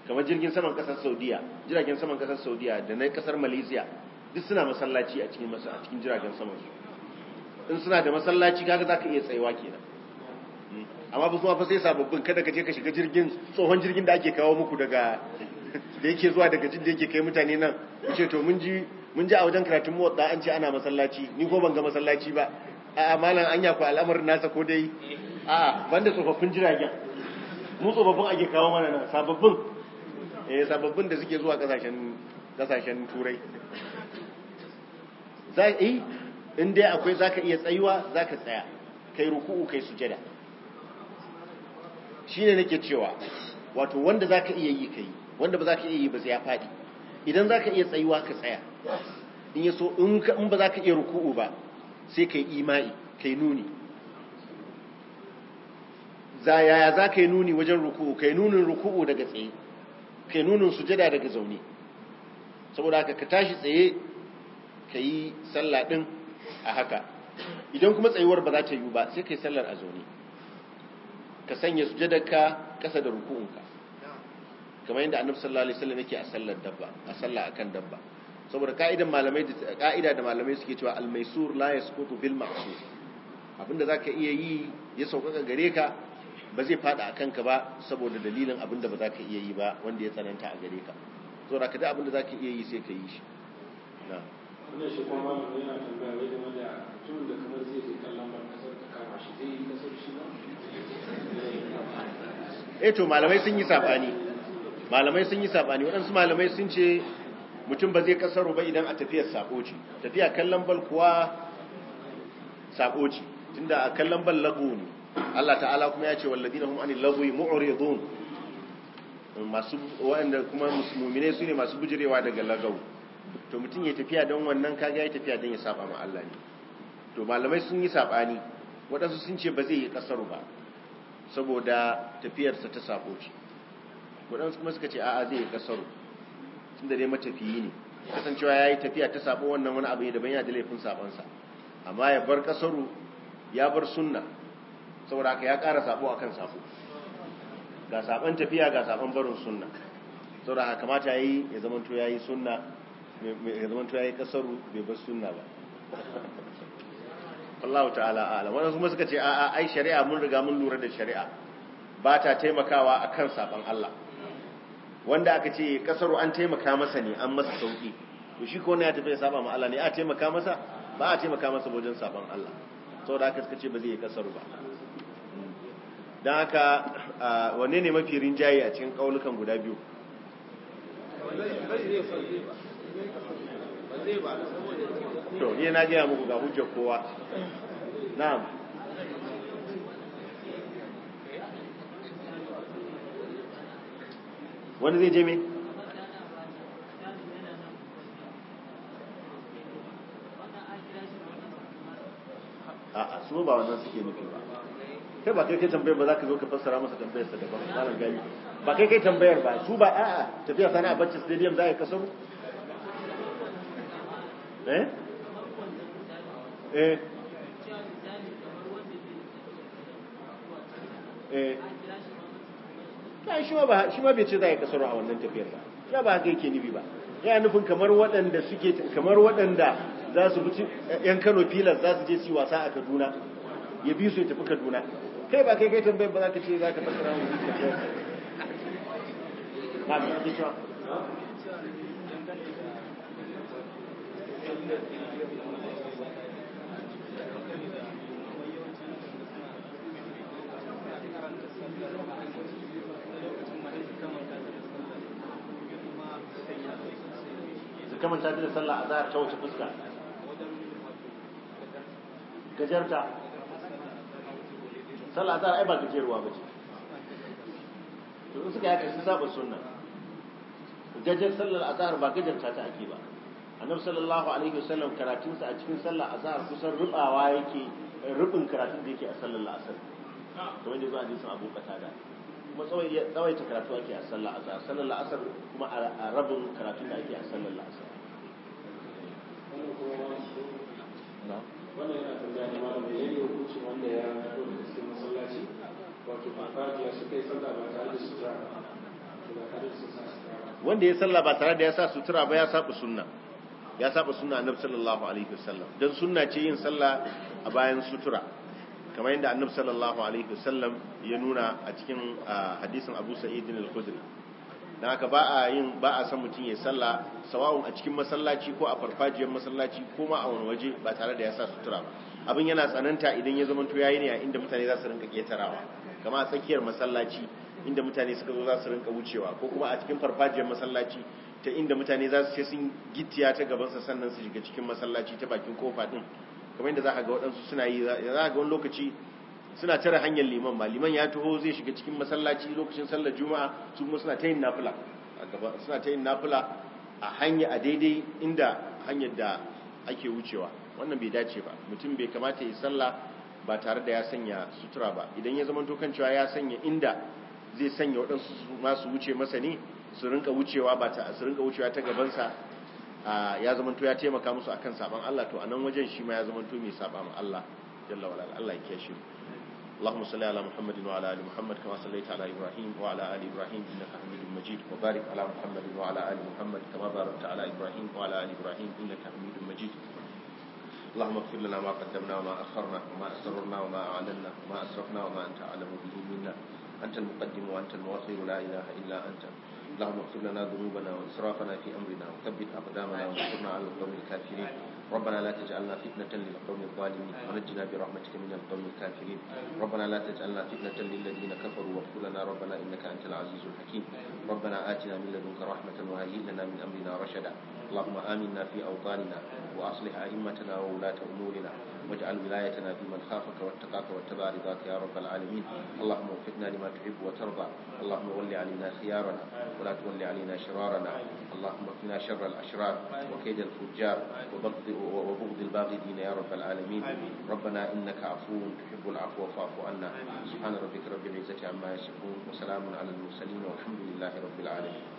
kamar jirgin saman kasar saudiya jiragen saman kasar saudiya da na kasar malaysia duk suna masallaci a cikin a cikin jiragen saman su in suna da masallaci kaga za ka iya tsayuwa kenan hmm. amma ba zuwa fa sai sababbin kada ka je ka shiga jirgin tsohon jirgin da ake kawo muku daga da yake zuwa daga jirgin da yake kai mutane nan ce to mun ji mun ji a wajen karatun mawadda an ce ana masallaci ni ko ban ga masallaci ba a'a malam an ku al'amarin nasa ko dai a'a banda tsofaffin jiragen mu tsofaffin ake kawo mana nan sababbin eh sababbin da suke zuwa kasashen kasashen turai za yi eh, in dai akwai zaka iya tsayuwa zaka tsaya kai ruku'u kai sujada shine nake cewa wato wanda zaka iya yi kai wanda ba zaka iya yi ba sai ya fadi idan za ka iya tsayuwa ka tsaya in ya so in ba za ka iya ruku'u ba sai ka yi imai ka yi nuni yaya za ka yi nuni wajen ruku'u ka yi nunin ruku'u daga tsaye ka yi nunin sujada daga zaune saboda haka ka tashi tsaye ka yi sallah ɗin a haka idan kuma tsayuwar ba za ta yi ba sai ka yi sallar a zaune ka sanya sujadarka ƙasa da ruku'unka kamar yadda annabi sallallahu alaihi wasallam yake a sallar dabba a sallah akan dabba saboda ka'idan malamai ka'ida da malamai suke cewa al-maisur la yasqutu bil ma'sur abinda zaka iya yi ya sauƙaƙa gare ka ba zai fada akan ka ba saboda dalilin abinda ba za ka iya yi ba wanda ya tsananta a gare ka saboda ka da abinda za ka iya yi sai ka yi shi na wannan shi kuma yana tambaya wai game da mutumin da kamar zai je kallon ban kasar ta kama shi zai yi kasar shi ba eh to malamai sun yi sabani malamai sun yi sabani waɗansu malamai sun ce mutum ba zai kasaro ba idan a tafiyar sako ce tafiya kallon bal kuwa sako ce tunda a kallon bal lagu ne Allah ta'ala kuma ya ce walladina hum anil lagwi mu'ridun masu waɗanda kuma musulmine su ne masu bujirewa daga lagau to mutum ya tafiya don wannan kaga ya tafiya don ya saba ma Allah ne to malamai sun yi sabani waɗansu sun ce ba zai yi kasaro ba saboda tafiyarsa ta sako ce waɗansu kuma suka ce a'a zai yi sun da dai matafiyi ne kasancewa ya yi tafiya ta sabo wannan wani abu ne daban yana da laifin sabonsa amma ya bar kasaru ya bar sunna saboda haka ya ƙara sabo akan sabo ga sabon tafiya ga sabon barin sunna saboda haka kamata yi ya zamanto yi sunna ya ya yi kasaru bai bar sunna ba Allah ta'ala a'lam wannan kuma suka ce a'a ai shari'a mun riga mun lura da shari'a ba ta taimakawa akan sabon Allah wanda aka ce kasaru an taimaka masa ne an masa sauki to shi ko ne ya tafi ya saba ma Allah ne a taimaka masa ba a taimaka masa wajen saban Allah saboda haka suka ce ba zai yi kasaru ba dan haka wanne ne mafi rinjaye a cikin kaulukan guda biyu to ni na ga muku ga hujja kowa na'am wani zai je me a su ba wannan suke nufi ba kai ba kai kai tambayar ba za ka zo ka fassara masa tambayar sa daban gani ba kai kai tambayar ba su ba a'a tafiya sani a bacci stadium za yi kaso eh eh, eh. ta shi ba shi ma bai ce za ya kasaro a wannan tafiyar ba ya ba haka yake nufi ba ya nufin kamar waɗanda suke kamar waɗanda za su yan Kano filas za su je su wasa a Kaduna ya bi su ya tafi Kaduna kai ba kai kai tambayar ba za ka ce za ka fasara mu ba manta da a zahar ta wace fuska gajarta sallar zahar ai ba gajeruwa ba ce to in suka yi sun saba sunna gajar sallar zahar ba gajarta ta ake ba a nan sallallahu alaihi wasallam karatunsa a cikin sallar zahar kusan rubawa yake rubin karatun da yake a sallar la'asar kamar da zuwa hadisin abu da kuma tsawaita karatu ake a sallar azhar sallar la'asar kuma a rabin karatun da ake a sallar la'asar. wanda ya salla ba tare da ya sa sutura ba ya saba sunna ya saba sunna annabi sallallahu alaihi wasallam dan sunna ce yin sallah a bayan sutura kamar yadda annabi sallallahu alaihi wasallam ya nuna a cikin ah, hadisin Abu Sa'id al-Khudri don haka ba a yin ba a san mutum ya sallah sawa'un a cikin masallaci ko a farfajiyar masallaci ko ma a wani waje ba tare da ya sa sutura ba abin yana tsananta idan ya zama yayi ne a inda mutane za su rinka ketarawa kama a tsakiyar masallaci inda mutane suka zo za su rinka wucewa ko kuma a cikin farfajiyar masallaci ta inda mutane za su ce sun gittiya ta gabansa sannan su shiga cikin masallaci ta bakin kofa din kamar yadda za ka ga waɗansu suna yi za a ga wani lokaci suna tare hanyar liman ba liman ya taho zai shiga cikin masallaci lokacin sallar juma'a su kuma suna ta yin nafila a gaba suna ta yin nafila a hanya a daidai inda hanyar da ake wucewa wannan bai dace ba mutum bai kamata ya sallah ba tare da ya sanya sutura ba idan ya zama kan cewa ya sanya inda zai sanya waɗansu masu wuce masa ne su rinka wucewa ba ta su rinka wucewa ta gabansa ya zama to ya taimaka musu akan saban Allah to a nan wajen shi ma ya zama to mai saba ma Allah jalla wala Allah ya kiyaye shi اللهم صل على محمد وعلى ال محمد كما صليت على ابراهيم وعلى ال ابراهيم انك حميد مجيد وبارك على محمد وعلى ال محمد كما باركت على ابراهيم وعلى ال ابراهيم انك حميد مجيد اللهم اغفر لنا ما قدمنا وما اخرنا وما اسررنا وما اعلنا وما اسرفنا وما انت اعلم به منا انت المقدم وانت المؤخر لا اله الا انت اللهم اغفر لنا ذنوبنا واسرافنا في امرنا وثبت اقدامنا وانصرنا على القوم الكافرين ربنا لا تجعلنا فتنة للقوم الظالمين ونجنا برحمتك من القوم الكافرين ربنا لا تجعلنا فتنة للذين كفروا واغفر لنا ربنا إنك أنت العزيز الحكيم ربنا آتنا من لدنك رحمة وهيئ لنا من أمرنا رشدا اللهم آمنا في أوطاننا وأصلح أئمتنا وولاة أمورنا واجعل ولايتنا في من خافك واتقاك واتبع رضاك يا رب العالمين اللهم وفقنا لما تحب وترضى اللهم ول علينا خيارنا ولا تول علينا شرارنا اللهم وقنا شر الأشرار وكيد الفجار وبغض وبغض الباغضين يا رب العالمين ربنا إنك عفو تحب العفو فاعف عنا سبحان ربك رب العزة عما يصفون وسلام على المرسلين والحمد لله رب العالمين